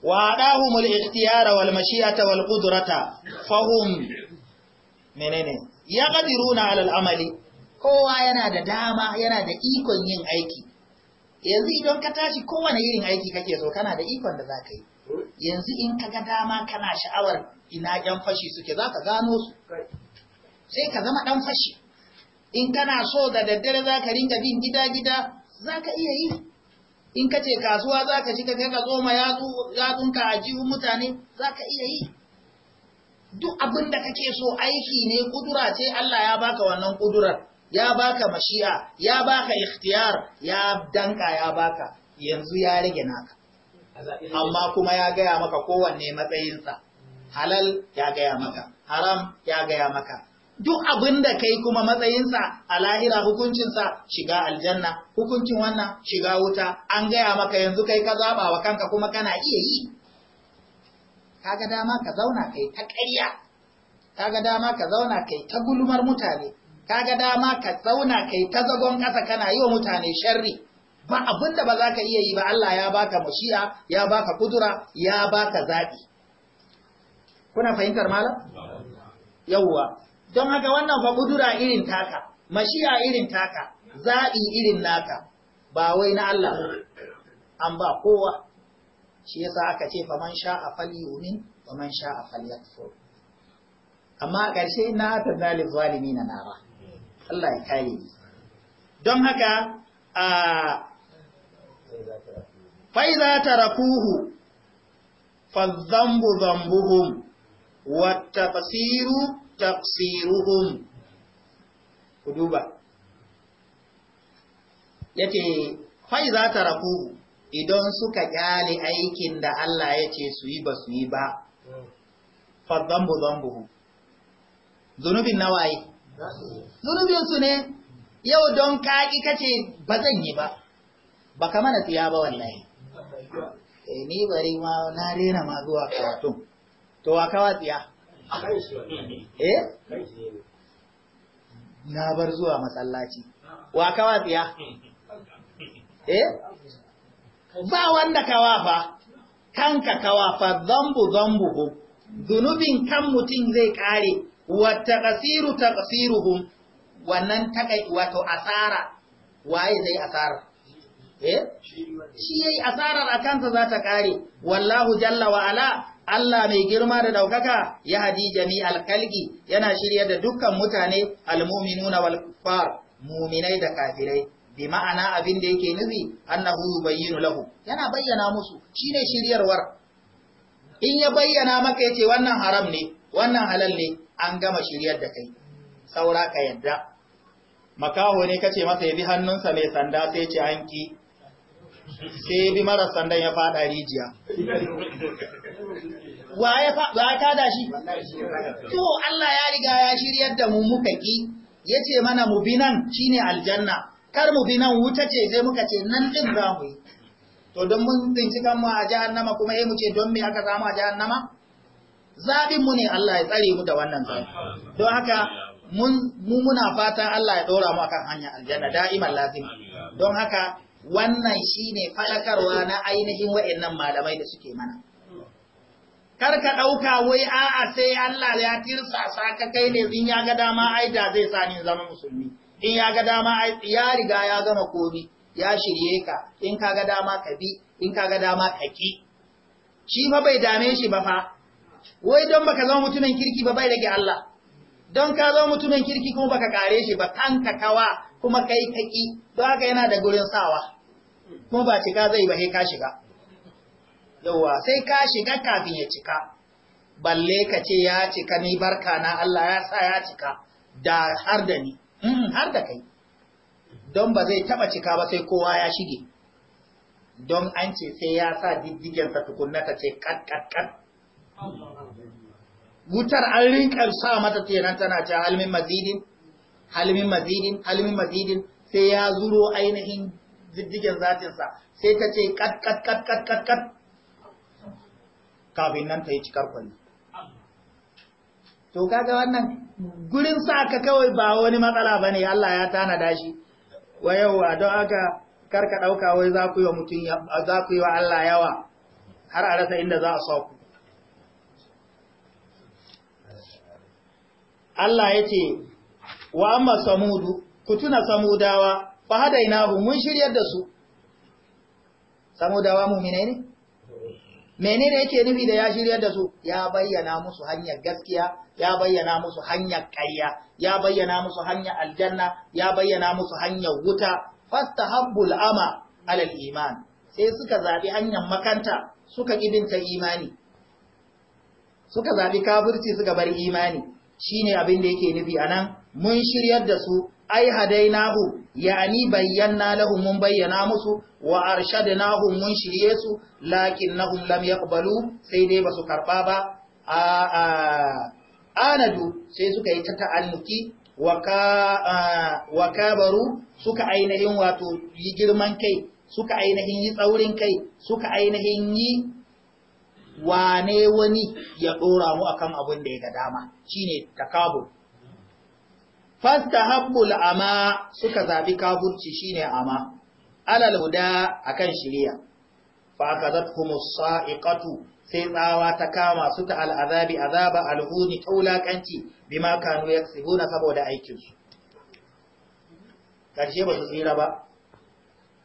wa adahumul ikhtiyara wal mashi'ata wal qudrata fahum menene ya qadiruna alal amali kowa yana da dama yana da ikon yin aiki yanzu idan ka tashi kowane irin aiki kake so kana da ikon da zaka yi yanzu in ka ga dama kana sha'awar ina yan fashi suke zaka gano su sai ka zama dan fashi in kana so da daddare zaka ringa bin gida gida zaka iya yi in ka ce kasuwa za ka shi ka kai ka tsoma yatsunka a jihun mutane za ka iya yi duk abin da kake so aiki ne kudura ce Allah ya baka wannan kudurar ya baka mashi'a ya baka ikhtiyar ya danka ya baka yanzu ya rage naka amma kuma ya gaya maka kowanne matsayinsa halal ya gaya maka haram ya gaya maka duk abin da kai kuma matsayinsa a lahira hukuncinsa shiga aljanna hukuncin wannan shiga wuta an gaya maka yanzu kai ka zaɓa wa kanka kuma kana iya yi kaga dama ka zauna kai ta ƙarya kaga dama ka zauna kai ta gulmar mutane kaga dama ka zauna kai ta zagon ƙasa kana yi wa mutane sharri ba abin da ba za ka iya yi ba Allah ya baka mashi'a ya baka kudura ya baka zaɓi kuna fahimtar malam yawwa don haka wannan fa kudura irin taka mashi'a irin taka zaɓi irin naka ba wai na Allah an ba kowa shi yasa aka ce fa man sha'a falyumin wa man sha'a falyakfur amma a ƙarshe na ta zalib zalimi na nara Allah ya kare ni don haka a faiza tarakuhu fa zambu dhanbuhum wata fasiru. taqsiruhum ku yace fai za ta rafu idan suka kyale aikin da Allah yace su yi ba su yi ba fa zambu zambuhu zunubin nawaye zunubin su ne yau don kaki kace ba zan yi ba ba ka mana tsiya ba wallahi ni bari ma na rena ma zuwa karatun to wa kawa eh na bar zuwa masallaci wa kawa tsiya eh ba wanda kawa fa kanka kawa fa zambu zambu zunubin kan mutum zai kare wa taqsiru taqsiruhum wannan takai wato asara waye zai asara eh shi yayi asarar akansa za ta kare wallahu jalla wa ala Allah mai girma da ɗaukaka ya hadi jami'al yana shirya da dukkan mutane almuminuna wal kufar muminai da kafirai bi ma'ana abin da yake nufi annahu yubayyinu lahu yana bayyana musu shine shiryarwar in ya bayyana maka yace wannan haram ne wannan halal ne an gama shiryar da kai saura ka yadda makaho ne kace masa ya bi hannunsa mai sanda sai ce hanki sai bi marar sandan ya fada rijiya wa ya da shi to Allah ya riga ya shiryar da mu muka ki yace mana mu bi nan shine aljanna kar mu bi nan wuta ce sai muka ce nan din za mu yi to don mun tsinci mu a jahannama kuma eh mu ce don me aka samu a jahannama zabin mu ne Allah ya tsare mu da wannan zabi don haka mun muna fatan Allah ya dora mu akan hanya aljanna da'iman lazim don haka wannan shi ne falakarwa na ainihin wa'annan malamai da suke mana kar ka ɗauka wai a'a sai Allah ya sa ka kai ne in ya ga dama ai da zai sa ni zama musulmi in ya ga dama ai ya riga ya gama komi ya shirye ka in ka ga dama ka bi in ka ga dama ka ki shi fa bai dame shi ba fa wai don baka zama mutumin kirki ba bai rage Allah don ka zo mutumin kirki kuma baka kare shi ba kanka kawa kuma kai kaki don haka yana da gurin sawa kuma ba cika zai ba sai ka shiga yawa sai ka shiga kafin ya cika balle ka ce ya cika ni barka na Allah ya sa ya cika da har da ni har da kai don ba zai taba cika ba sai kowa ya shige don an ce sai ya sa diddigensa tukunna ta ce kat kat kat wutar an rinka sa mata kenan tana ce halmin mazidin halmin mazidin halmin mazidin sai ya zuro ainihin diddigen zatinsa sai ta ce kat kat kat kat kat kat kafin nan ta yi cikar kwalli to kaga wannan gurin sa ka kawai ba wani matsala bane Allah ya tanada shi wa yawa don aka karka dauka wai za ku yi wa mutum za ku yi wa Allah yawa har a rasa inda za a sauko. Allah ya ce wa amma samudu ku tuna samudawa fa hu, mun shiryar da su samudawa mu'minai ne menene yake nufi da ya shiryar da su ya bayyana musu hanyar gaskiya ya bayyana musu hanyar ƙarya ya bayyana musu hanyar aljanna ya bayyana musu hanyar wuta Fasta habbul ama alal iman sai suka zabi hanyar makanta suka kibinta imani suka zabi kafirci suka bar imani Shi ne abin da yake nufi a nan mun shiryar da su ai hadainahu yani bayyana lahum mun bayyana musu wa nahu mun shirye su lakinnahum lam yaqbalu sai dai basu karba ba a a anadu sai suka yi ta ta'anuki, wa kabaru suka ainihin wato yi girman kai suka ainihin yi tsaurin kai suka ainihin yi wane wani ya ɗora mu akan abin da ya ga dama shine takabur fastahabbul ama suka zabi kaburci shine ama alal huda akan shiriya fa akazathumus sa'iqatu sai tsawa ta kama su ta al'azabi azaba alhuni ta wulakanci bima kanu yaksibuna saboda aikinsu. Ƙarshe karshe ba su tsira ba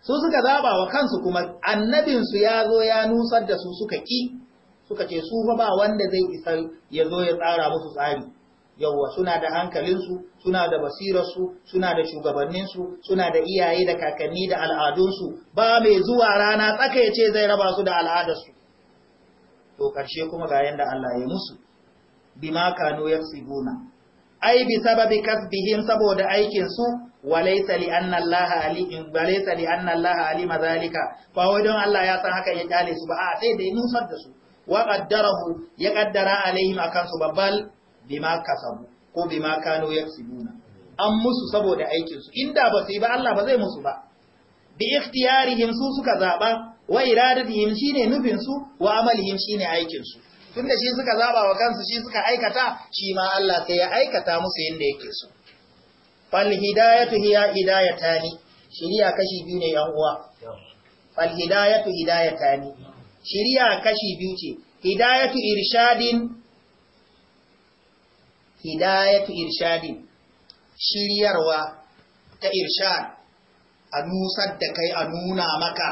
su suka zaba wa kansu kuma annabinsu ya zo ya nusar da su suka ƙi. suka ce su fa ba wanda zai isa ya zo ya tsara musu tsari yawwa suna da hankalinsu suna da basirarsu suna da shugabanninsu suna da iyaye da kakanni da al'adunsu ba mai zuwa rana tsaka ya ce zai raba su da al'adarsu to ƙarshe kuma ga yanda Allah ya musu bima kanu yaksibuna ai bi sababi kasbihim saboda aikin su walaysa li anna Allah in walaysa li anna Allah ali zalika fa wai don Allah ya san haka ya kyale su ba a sai dai nusar da su wa qaddarahu ya qaddara alaihim akan su babbal bima kasabu ko bima kanu yaksibuna an musu saboda aikin su inda ba yi ba Allah ba zai musu ba bi ikhtiyarihim su suka zaba wa iradatihim shine nufin su wa amalihim shine aikin su tunda shi suka zaba wa kansu shi suka aikata shi ma Allah sai ya aikata musu yanda yake so fal hidayatu hiya hidayatani shiriya kashi biyu ne yan uwa fal hidayatu hidayatani shari'a kashi biyu ce hidayatu irshadin hidayatu irshadin shiryarwa ta irshad a nusar da kai a nuna maka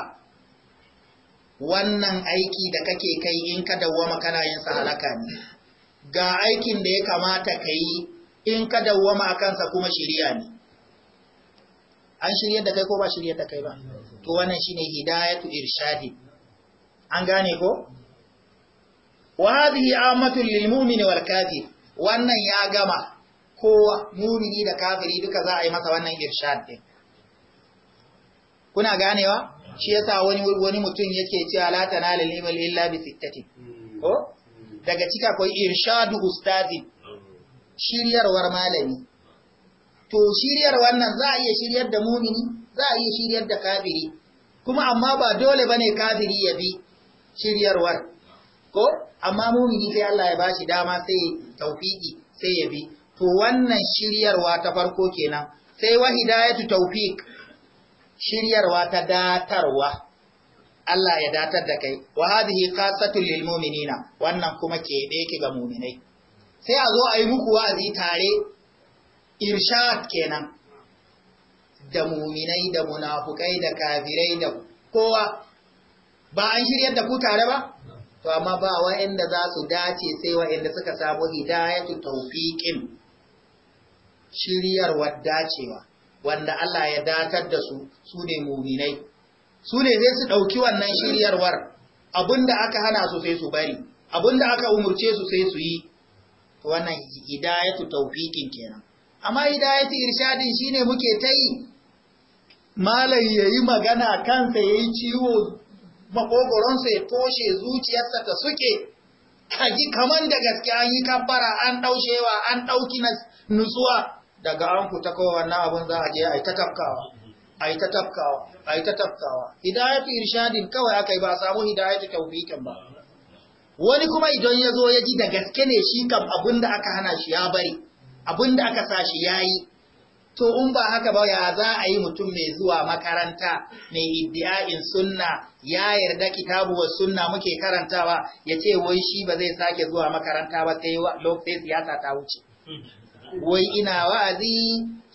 wannan aiki da kake kai in ka dawwama kana yin sa halaka ne ga aikin da ya kamata ka yi in ka dawwama a kansa kuma shirya ne an shirya da kai ko ba shirya da kai ba to wannan shine hidayatu irshadin an gane ko wa amatul lil mu'min wal kafir wannan ya gama kowa mu'mini da kafiri duka za a yi masa wannan irshad din kuna ganewa shi yasa wani wani mutum yake cewa la tanalil ilmi illa bi sittati ko daga cika akwai irshadu ustazi shiryarwar malami to shiryar wannan za a iya shiryar da mumini za a iya shiryar da kafiri kuma amma ba dole bane kafiri ya bi shiryarwar ko amma mumini sai Allah ya bashi dama sai tawfiki sai ya bi to wannan shiryarwa ta farko kenan sai wa hidayatu tawfik shiryarwa ta datarwa Allah ya datar da kai wa hadhihi khassatul lil mu'minina wannan kuma kebe ki ga mu'minai sai a zo a yi muku wa'azi tare irshad kenan da mu'minai da munafukai da kafirai da kowa ba an shiryar da ku tare ba to amma ba wa'anda za su dace sai wa'anda suka samu hidayatu tawfiqin shiryarwar dacewa wanda Allah ya datar da su su ne muminai su ne zai su ɗauki wannan shiryarwar abinda aka hana su sai su bari abinda aka umurce su sai su yi wannan hidayatu tawfiqin kenan amma hidayatu irshadin shine muke ta yi malai yayi magana kansa yayi ciwo makogoronsa ya toshe zuciyarsa ta suke kaji kaman da gaske an yi kabbara an ɗaushewa an ɗauki nutsuwa daga an fita wannan abin za a je a yi ta tafkawa a yi ta tafkawa a yi ta tafkawa hidayatu irshadin kawai aka yi ba a samu hidayatu taufikin ba wani kuma idan ya zo ya ji da gaske ne shi kam abin da aka hana shi ya bari abin da aka sa shi ya yi to in ba haka ba ya za a yi mutum mai zuwa makaranta mai iddia'in sunna ya yarda kitabu wa sunna muke karantawa ya ce wai shi ba zai sake zuwa makaranta ba sai lokacin siyasa ta wuce wai ina wa'azi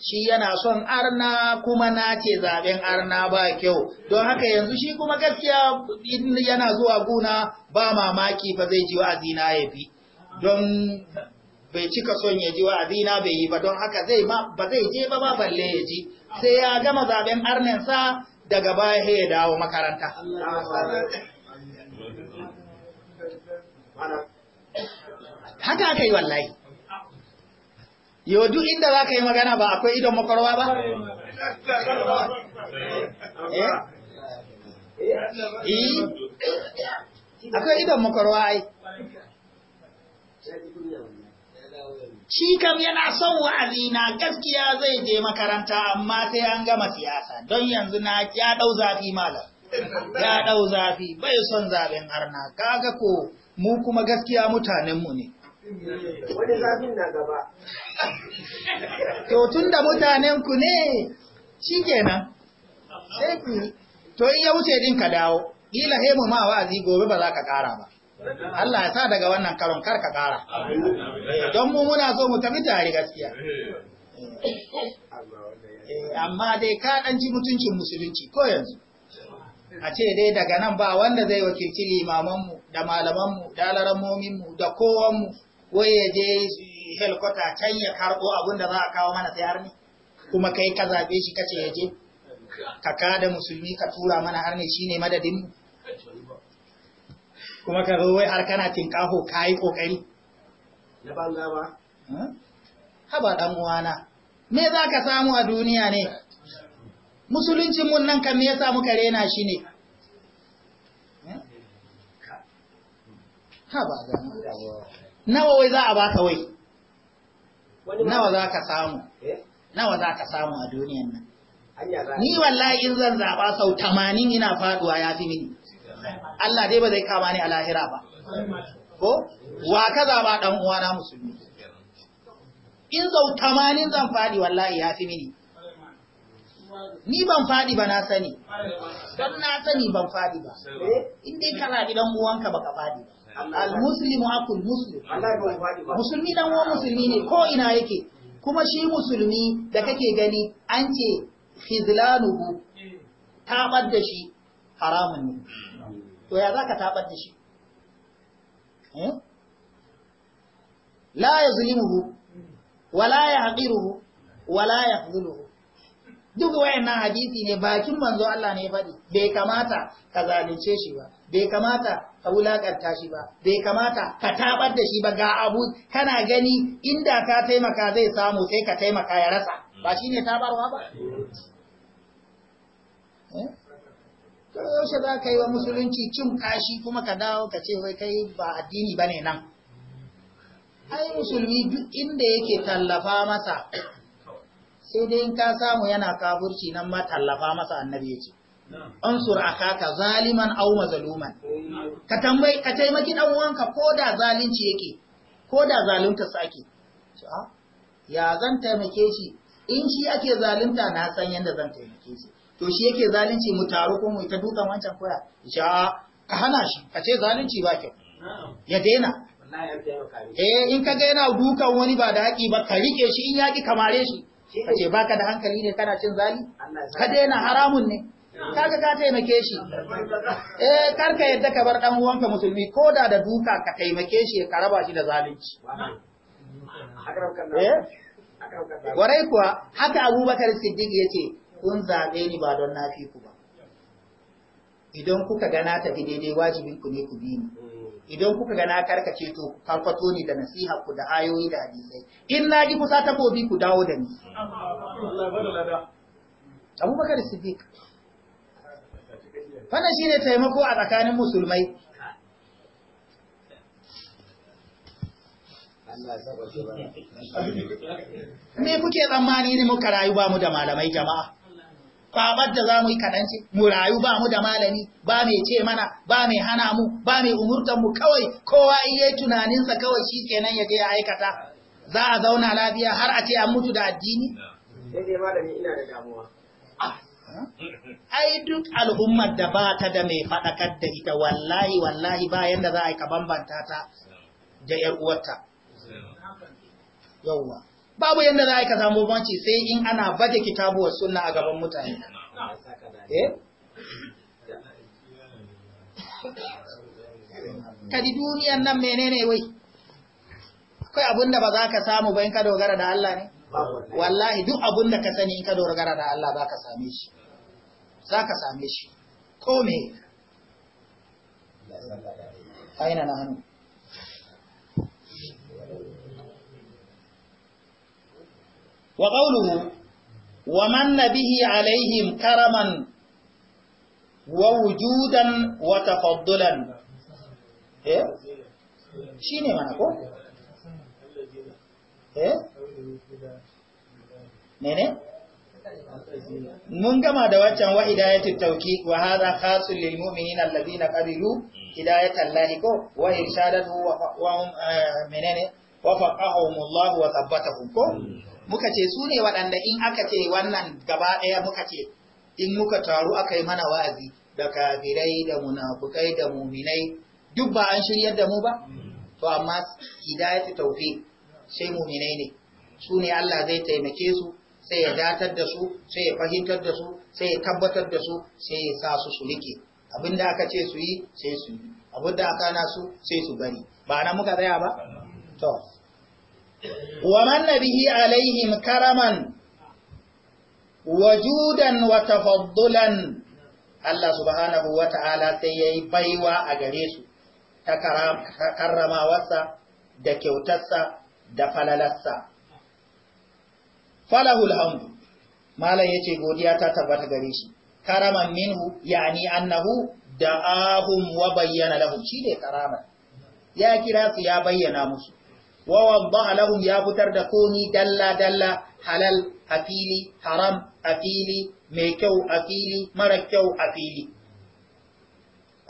shi yana son arna kuma na ce zaben arna ba kyau don haka yanzu shi kuma gaskiya yana zuwa guna ba mamaki fa zai ji wa'azi na yafi don bai cika son ya ji wa'azina bai yi ba don haka zai ma ba zai je ba ba balle ya ji sai ya gama zaben arnin sa daga baya sai ya dawo makaranta haka aka yi wallahi yau inda za ka yi magana ba akwai idon makarwa ba eh? Eh? akwai idon makarwa ai shi kam yana son wa'azina gaskiya zai je makaranta amma sai an gama siyasa don yanzu na ya dau zafi malam ya dau zafi bai son zaben arna kaga ko mu kuma gaskiya mutanen mu ne wani zafin na gaba to tunda mutanen ku ne shikenan sai ku to in ya wuce din ka dawo kila hemu ma wa'azi gobe ba za ka kara ba Allah ya sa daga wannan karon kar ka kara don mu muna so mu tafi tare gaskiya eh, amma dai ka dan ji mutuncin musulunci ko yanzu a ce dai daga nan ba wanda zai wakilci limamanmu da malamanmu da alaramominmu da kowanmu wai ya je helikwata can ya karɓo abin da za a kawo mana sai har kuma kai ka zaɓe shi kace ya je ka kada musulmi ka tura mana har ne shine madadinmu kuma ka zo wai har kana tinkaho ka yi ƙoƙari na banza ba haba ɗan uwana me za ka samu a duniya ne musuluncin mun nan kan me yasa muka rena shi ne haba nawa wai za a ka wai nawa za ka samu eh? nawa za ka samu a duniyan nan ni wallahi in zan zaba sau 80 ina faduwa yafi mini Allah dai ba zai kama ni a lahira ba ko wa ka ba ɗan uwana musulmi in zau tamanin zan faɗi wallahi ya fi mini ni ban faɗi ba na sani don na sani ban faɗi ba in dai kana dan uwanka baka faɗi ba al-muslimu akul muslim musulmi dan uwan musulmi ne ko ina yake kuma shi musulmi da kake gani an ce khizlanuhu tabar da shi haramun ne to ya za ka taɓar da shi hmm? la ya zulimuhu wala ya haƙiruhu wala ya duk wayannan hadisi ne bakin manzo Allah ne faɗi bai kamata ka zalunce shi ba bai kamata ka wulakanta shi ba bai kamata ka tabar da shi ba ga abu kana gani inda ka taimaka zai samu sai ka taimaka ya rasa ba shine tabarwa ba hmm? to yaushe za ka yi wa musulunci cin kashi kuma ka dawo ka ce wai kai ba addini ba ne nan ai musulmi duk inda yake tallafa masa sai dai in ka samu yana kaburci nan ma tallafa masa annabi ya ce ansur akaka zaliman aw mazluman ka tambayi ka taimaki dan uwanka ko da zalunci yake ko da zalunta sake ya zan taimake shi in shi ake zalunta na san yanda zan taimake shi to shi yake zalunci mu taru ko mu ta dukan wancan koya ja ka hana shi ka ce zalunci ba kyau ya daina eh in ka ga yana dukan wani ba da haƙi ba ka rike shi in yaƙi kamare shi ka ce baka da hankali ne kana cin zali ka daina haramun ne kaga ka taimake shi eh kar ka yadda ka bar dan uwanka musulmi ko da da duka ka taimake shi ka raba shi da zalunci eh warai kuwa haka Abubakar Siddiq yace kun zaɓe ni ba don na fi ku ba idan kuka ga na tafi daidai wajibin ku ne ku bi ni idan kuka ga na karkace to farfato ni da nasiha ku da ayoyi da hadisai in na ji kusa takobi ku dawo da ni Abubakar Siddiq shi shine taimako a tsakanin musulmai Me kuke tsammani ne muka rayu ba mu da malamai jama'a? kwabar da za mu yi kaɗan mu rayu ba mu da malami ba mai ce mana ba mai hana mu ba mai umurtan mu kawai kowa iya tunaninsa kawai shi kenan ya je ya aikata za a zauna lafiya har a ce an mutu da addini sai dai malami ina da damuwa ah, ai duk al'ummar da ba ta da mai faɗakar da ita wallahi wallahi bayan da za a yi ka bambanta ta da ‘yar uwarta yauwa babu yadda za a yi ka samu banci sai in ana baje kitabuwar suna a gaban mutane eh? kadi duniyan nan menene wai akwai da ba za ka samu ba in ka dogara da Allah ne wallahi duk da ka sani in ka dogara da Allah za ka same shi za ka same shi ko me aina na hannu wa qawluhu wa man bihi alaihim karaman wa wujudan wa tafaddulan eh shine mana ko eh mene mun gama da waccan wa hidayatul tawfiq wa hadha khasul lil mu'minina alladhina qadiru hidayatal lahi wa irshadahu wa eh, menene wa faqahum Allah wa thabbatahum ko muka ce su ne waɗanda in aka ce wannan gaba ɗaya muka ce in muka taru aka yi mana wa'azi da kafirai da munafukai da muminai duk ba an shiryar da mu ba to amma hidayatu taufi sai muminai ne su ne Allah zai taimake su sai ya datar da su sai ya fahimtar da su sai ya tabbatar da su sai ya sa su su rike abinda aka ce su yi sai su yi abinda aka na su sai su bari ba na muka tsaya ba to wa manna bihi alaihim karaman wajudan wa tafaddulan Allah subhanahu wa ta'ala sai yayi baiwa a gare su ta karramawarsa da kyautarsa da falalarsa falahul hamdu malam ya ce godiya ta tabbata gare shi karaman minhu yani annahu da wa bayyana lahum shi ne karama ya kira su ya bayyana musu wawan ba'alahun ya fitar da komi dalla-dalla halal a fili, haram a fili, mai kyau a fili, mara kyau a fili.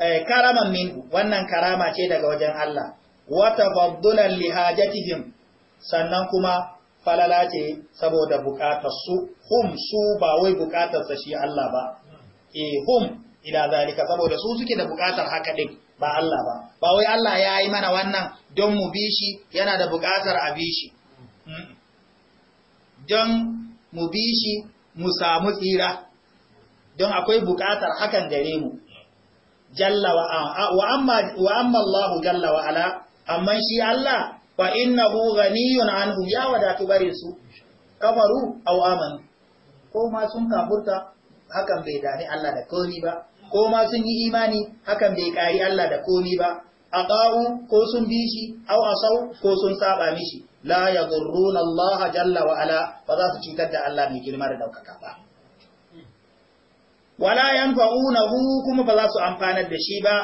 Eh, karaman min wannan karama ce daga wajen Allah, wata faddulan lihajatihim sannan kuma falala ce saboda bukatarsu, hum su ba wai bukatarsa shi Allah ba, Eh hum ila zalika saboda su suke da bukatar haka ɗin. ba Allah ba ba wai Allah ya yi mana wannan don mu bi shi yana da buƙatar a bi shi don mu bi shi mu samu tsira don akwai buƙatar hakan gare mu jalla wa amma wa amma Allah jalla wa ala amma shi Allah fa innahu ghaniyun anhu ya wadatu bare su kafaru aw aman ko ma sun kafurta hakan bai dani Allah da komi ba ko ma sun yi imani hakan bai ƙari Allah da komi ba a ƙa'u ko sun bi shi au a sau ko sun saba mishi la ya gurruna Allah jalla wa ala ba za su cutar da Allah mai girma da ɗaukaka ba wala hu kuma ba za su amfanar da shi ba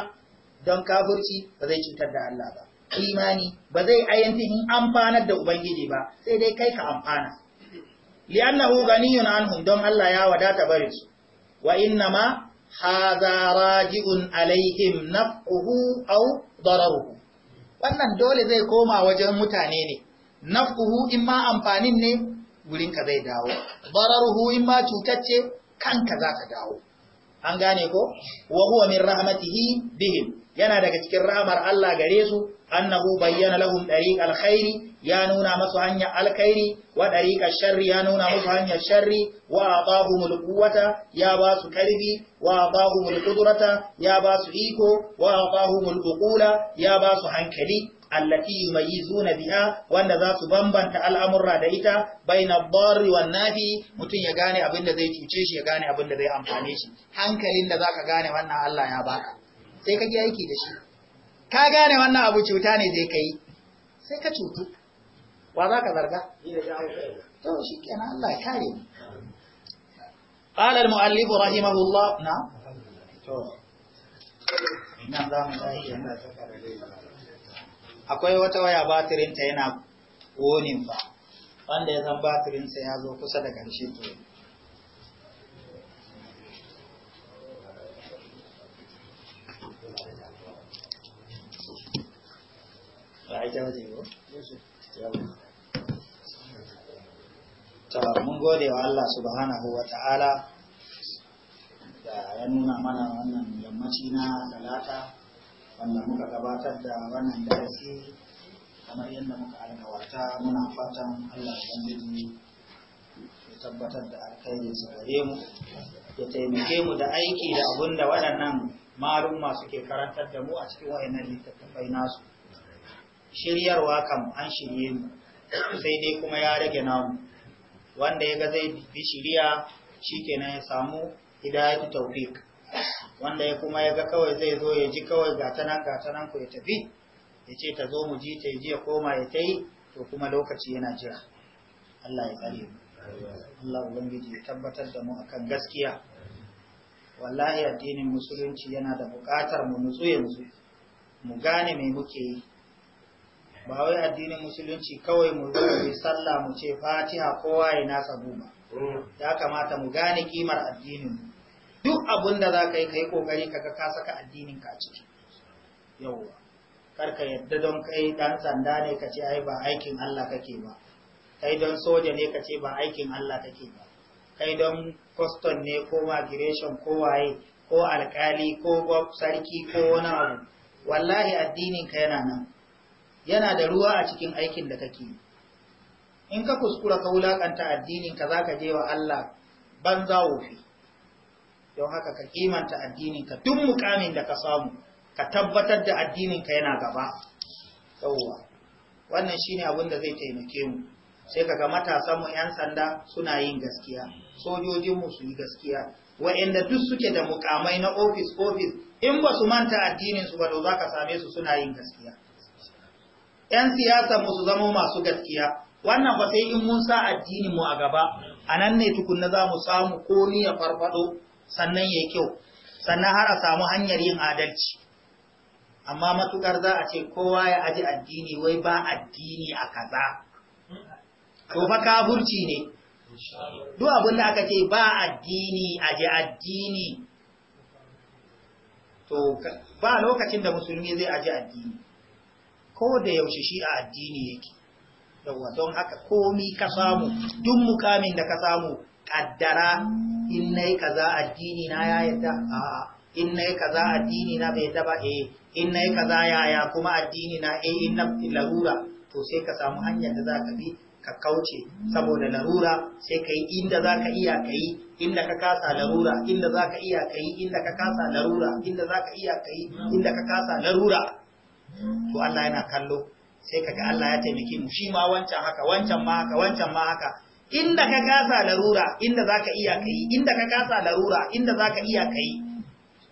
don kafirci ba zai cutar da Allah ba imani ba zai in amfanar da ubangiji ba sai dai kai ka amfana li'annahu ganiyun anhum don Allah ya wadata bare su wa inna ma haza raji'un alaihim naf'uhu aw dararuhu wannan dole zai koma wajen mutane ne naf'uhu in ma amfanin ne gurin ka zai dawo dararuhu in ma cutacce kanka zaka dawo an gane ko wa huwa min rahmatihi bihim yana daga cikin ramar Allah gare su annahu bayyana lahum dariq alkhairi ya nuna masu hanyar alkhairi wa dariq sharri ya nuna masu hanyar sharri wa atahumul quwwata ya ba su karbi wa atahumul qudrata ya ba su iko wa atahumul uqula ya ba su hankali allati yumayizuna biha wanda za su bambanta al'amurra da ita baina barri wan nafi mutun ya gane abin da zai cuce shi ya gane abin da zai amfane shi hankalin da zaka gane wannan Allah ya baka sai ka ji aiki da shi ka gane wannan abu cuta ne zai kai sai ka cutu wa za ka zarga to shi kenan Allah ya kare mu qala al muallif rahimahullah na to na za mu tashi akwai wata waya batirin ta yana wonin ba wanda ya san batirin sa ya zo kusa da ƙarshe to jawabi ta mun gode wa Allah subhanahu wa ta'ala da ya nuna mana wannan yammaci na talata wanda muka gabatar da wannan darasi kamar yadda muka alkawarta muna fatan Allah ubangiji ya tabbatar da alkhairi su gare mu ya taimake mu da aiki da abun da waɗannan malum masu ke karantar da mu a cikin wayannan littattafai nasu shiryarwa kam an shirye mu sai dai kuma ya rage namu wanda ya ga zai bi shiriya shikenan ya samu hidayatu tawfiq wanda ya kuma ya ga kawai zai zo ya ji kawai gata nan gata nan ko ya tafi ya ce ta zo mu ji ta ji ya koma ya ta to kuma lokaci yana jira Allah ya kare mu Allah ubangiji ya tabbatar da mu akan gaskiya wallahi addinin musulunci yana da buƙatar mu nutsuye yanzu mu gane me muke yi ba wai addinin musulunci kawai mu zo mu sallah mu ce fatiha kowa ya nasa goma mm. ya kamata mu gane kimar addinin duk abin da za ka yi ka yi ƙoƙari ka ga ka saka addinin ka ciki yauwa kar ka yadda don kai dan sanda ne ka ce ai ba aikin Allah kake ba kai don soja ne ka ce ba aikin Allah kake ba kai don custom ne ko migration ko waye ko alkali ko sarki ko wani abu wallahi addinin ka yana nan yana da ruwa a cikin aikin da kake yi in ka kuskura ka wulakanta addinin ka zaka je wa Allah banza wofi don haka ka kimanta addinin ka duk mukamin da ka samu ka tabbatar da addinin ka yana gaba yawa wannan shine abin da zai taimake mu sai kaga matasan mu yan sanda suna yin gaskiya sojojin mu su yi gaskiya wa'anda duk suke da mukamai na office office in ba su manta addinin su ba to zaka same su suna yin gaskiya ‘yan siyasa mu su zama masu gaskiya, wannan ba sai in mun sa addini mu a gaba, a nan ne tukunna za mu samu komi ya farfado sannan ya kyau, sannan har a samu hanyar yin adalci. Amma matukar za a ce kowa ya aji addini wai ba addini a kaza, to fa kafurci ne, duk abin da aka ce ba addini ji addini, to ba lokacin da musulmi zai aji addini. ko da yaushe shi a addini yake yawa don haka komi ka samu duk mukamin da ka samu kaddara in nayi kaza addini na ya yadda a in nayi kaza addini na bai yadda ba eh in nayi kaza yaya kuma addini na eh in na larura to sai ka samu hanyar da zaka bi ka kauce saboda larura sai kai inda zaka iya kai inda ka kasa larura inda zaka iya kai inda ka kasa larura inda zaka iya kai inda ka kasa larura to Allah yana kallo sai kaga Allah ya taimake mu shi ma wancan haka wancan ma haka wancan ma haka inda ka kasa larura inda zaka iya kai inda ka kasa larura inda zaka iya kai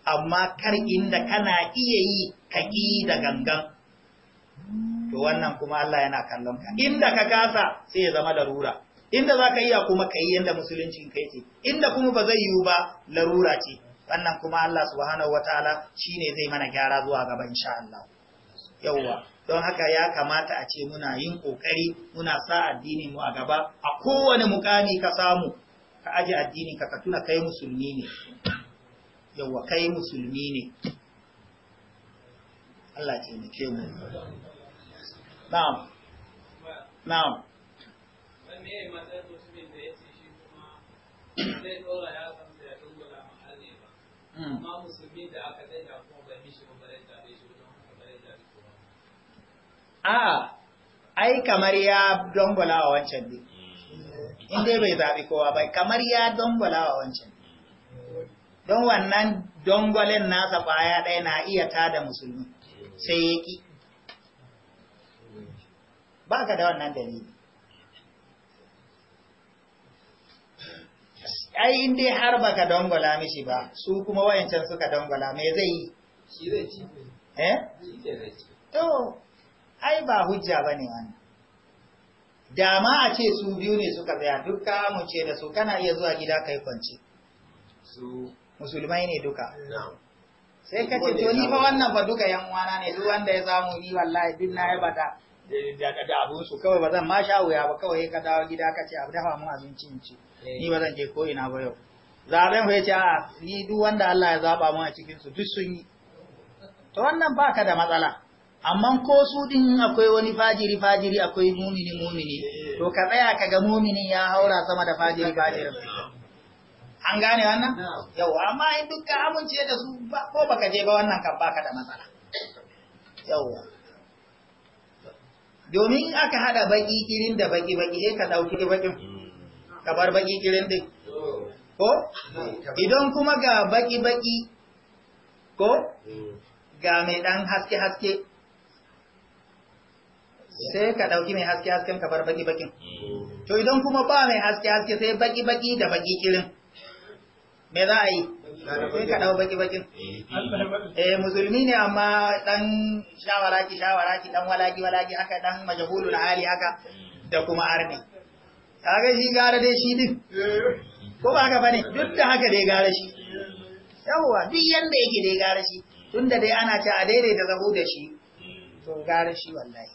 amma kar inda kana iya yi ka ki da gangan to wannan kuma Allah yana kallon ka inda ka kasa sai ya zama larura inda zaka iya kuma kai yanda musulunci kai ce inda kuma ba zai yiwu ba larura ce wannan kuma Allah subhanahu wataala shine zai mana gyara zuwa gaba insha Allah yawwa don haka ya kamata a ce muna yin ƙoƙari muna sa addinin mu a gaba a kowane mukami ka samu ka aje addinin ka ka tuna kai musulmi ne yawwa kai musulmi ne Allah ce mu ce mu na'am na'am zai dora ya san da ya dungula mahalli ba hmm. amma musulmi da aka daina a ai kamar ya dongola wa wancan ne in dai bai zaɓi kowa bai kamar ya dongola wa wancan don wannan dongolin nasa ƙwaya ɗaya na iya tada musulmi sai ya ƙi ba ka da wannan dalili ai in dai har baka dongola mishi ba su kuma wayancan suka dongola me zai yi eh to ai ba hujja ba ne wani dama a ce su biyu ne suka tsaya duk mu ce da su kana iya zuwa gida kai kwance musulmai ne duka sai ka ce to ni fa wannan ba duka yan uwana ne duk wanda ya samu ni wallahi duk na ya bata da abun su kawai ba zan ma sha wuya ba kawai ka dawo gida ka ce abu dafa mu abinci in ci eh. ni ba zan je ko ina ba yau zaben ya ce a ni duk wanda Allah ya zaba mu a cikin su duk sun yi to wannan baka da matsala amma ko su din akwai wani fajiri fajiri akwai mumini mumini to ka tsaya kaga mumini ya haura sama da fajiri fajiri an gane wannan yawa amma in duk ka amince da su ko baka je ba wannan kan baka da matsala yawa domin aka hada baki kirin da baki baki sai ka dauki bakin ka bar baki kirin din ko idan kuma ga baki baki ko ga mai dan haske haske sai ka ɗauki mai haske hasken ka bar baki bakin to idan kuma ba mai haske haske sai baki baki da baki kirin me za a yi sai ka ɗau baki bakin eh musulmi ne amma dan shawaraki shawaraki dan walaki walaki haka dan majhulul hali haka da kuma arni kaga shi gara dai shi din ko ba ka bane duk da haka dai gara shi yawwa duk yanda yake dai gara shi tunda dai ana ce a da zahu da shi to gara shi wallahi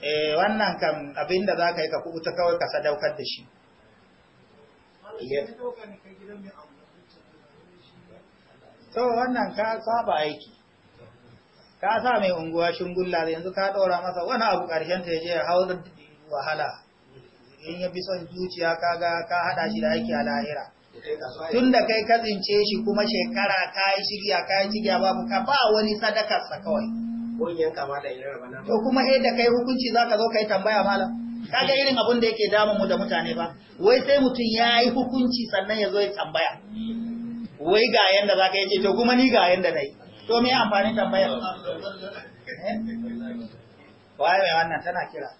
eh wannan kan abinda za ka yi ka kubuta kawai ka sadaukar da shi to wannan ka saba aiki ka sa mai unguwa shingulla yanzu ka ɗora masa wani abu ƙarshen ta je hau wahala in ya bi son zuciya kaga ka haɗa shi da aiki a lahira tun da kai katsince shi kuma shekara ka yi shirya ka yi shirya babu ka ba wani sadakarsa kawai to kuma eh da kai hukunci za ka zo kai tambaya malam kaga irin abun da yake damun mu da mutane ba wai sai mutum ya yi hukunci sannan ya zo ya tambaya wai ga yanda ka yace to kuma ni ga yanda nai. to me amfani tambaya. Eh? Wai mai wannan tana kira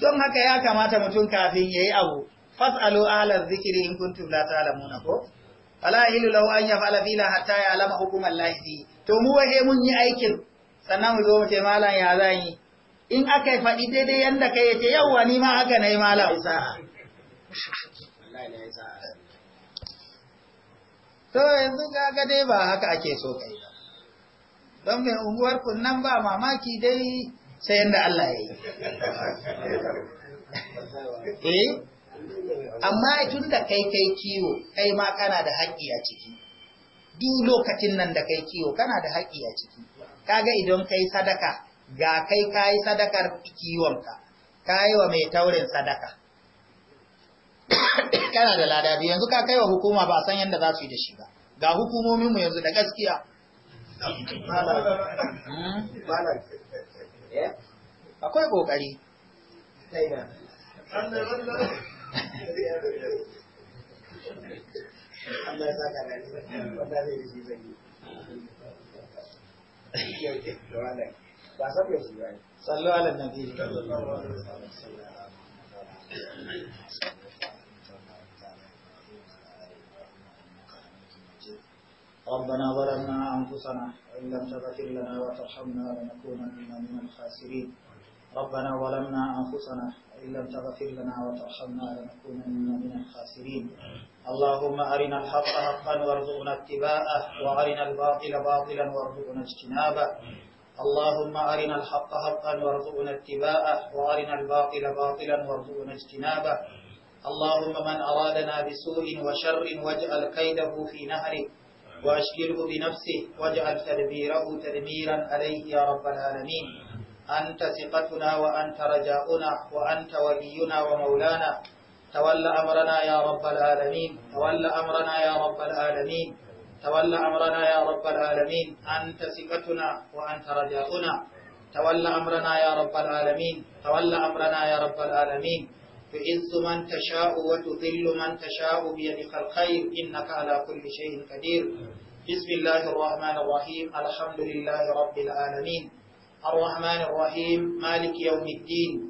don haka ya kamata mutum kafin ya yi abu fas'alu ahla zikiri in kuntum la ta'lamuna ko fala hilu lahu an yaf'ala fina hatta ya'lama Allah fi to mu wahe mun yi aikin sannan mu zo mu ce malam ya zan yi in aka faɗi daidai yanda kai yace yawwa ni ma haka nayi malam isa to yanzu ga dai ba haka ake so kai don mai unguwar kunnan ba mamaki dai sai yanda Allah ya yi eh amma tun da kai kai kiwo kai ma kana da haƙƙi a ciki duk lokacin nan da kai kiwo kana da haƙƙi a ciki kaga idan kai sadaka ga kai kai sadakar kiwonka kai wa mai taurin sadaka kana da lada yanzu ka kai wa hukuma ba san yadda za su yi da shi ba ga hukumomin mu yanzu da gaskiya eh? akwai ƙoƙari Allah ya saka da ni wanda zai ربنا ظلمنا أنفسنا وإن لم تغفر لنا وترحمنا لنكونن من الخاسرين ربنا ظلمنا أنفسنا وإن لم تغفر لنا وترحمنا لنكونن من الخاسرين اللهم أرنا الحق حقا وارزقنا اتباعه وأرنا الباطل باطلا وارزقنا اجتنابه اللهم أرنا الحق حقا وارزقنا اتباعه وأرنا الباطل باطلا وارزقنا اجتنابه اللهم من أرادنا بسوء وشر واجعل كيده في نهره وأشكله بنفسه واجعل تدبيره تدميرا عليه يا رب العالمين أنت ثقتنا وأنت رجاؤنا وأنت ولينا ومولانا تول أمرنا يا رب العالمين تول أمرنا يا رب العالمين تول أمرنا يا رب العالمين أنت ثقتنا وأنت رجاؤنا تول أمرنا يا رب العالمين تول أمرنا يا رب العالمين تعز من تشاء وتذل من تشاء بيدك الخير إنك على كل شيء قدير بسم الله الرحمن الرحيم الحمد لله رب العالمين الرحمن الرحيم مالك يوم الدين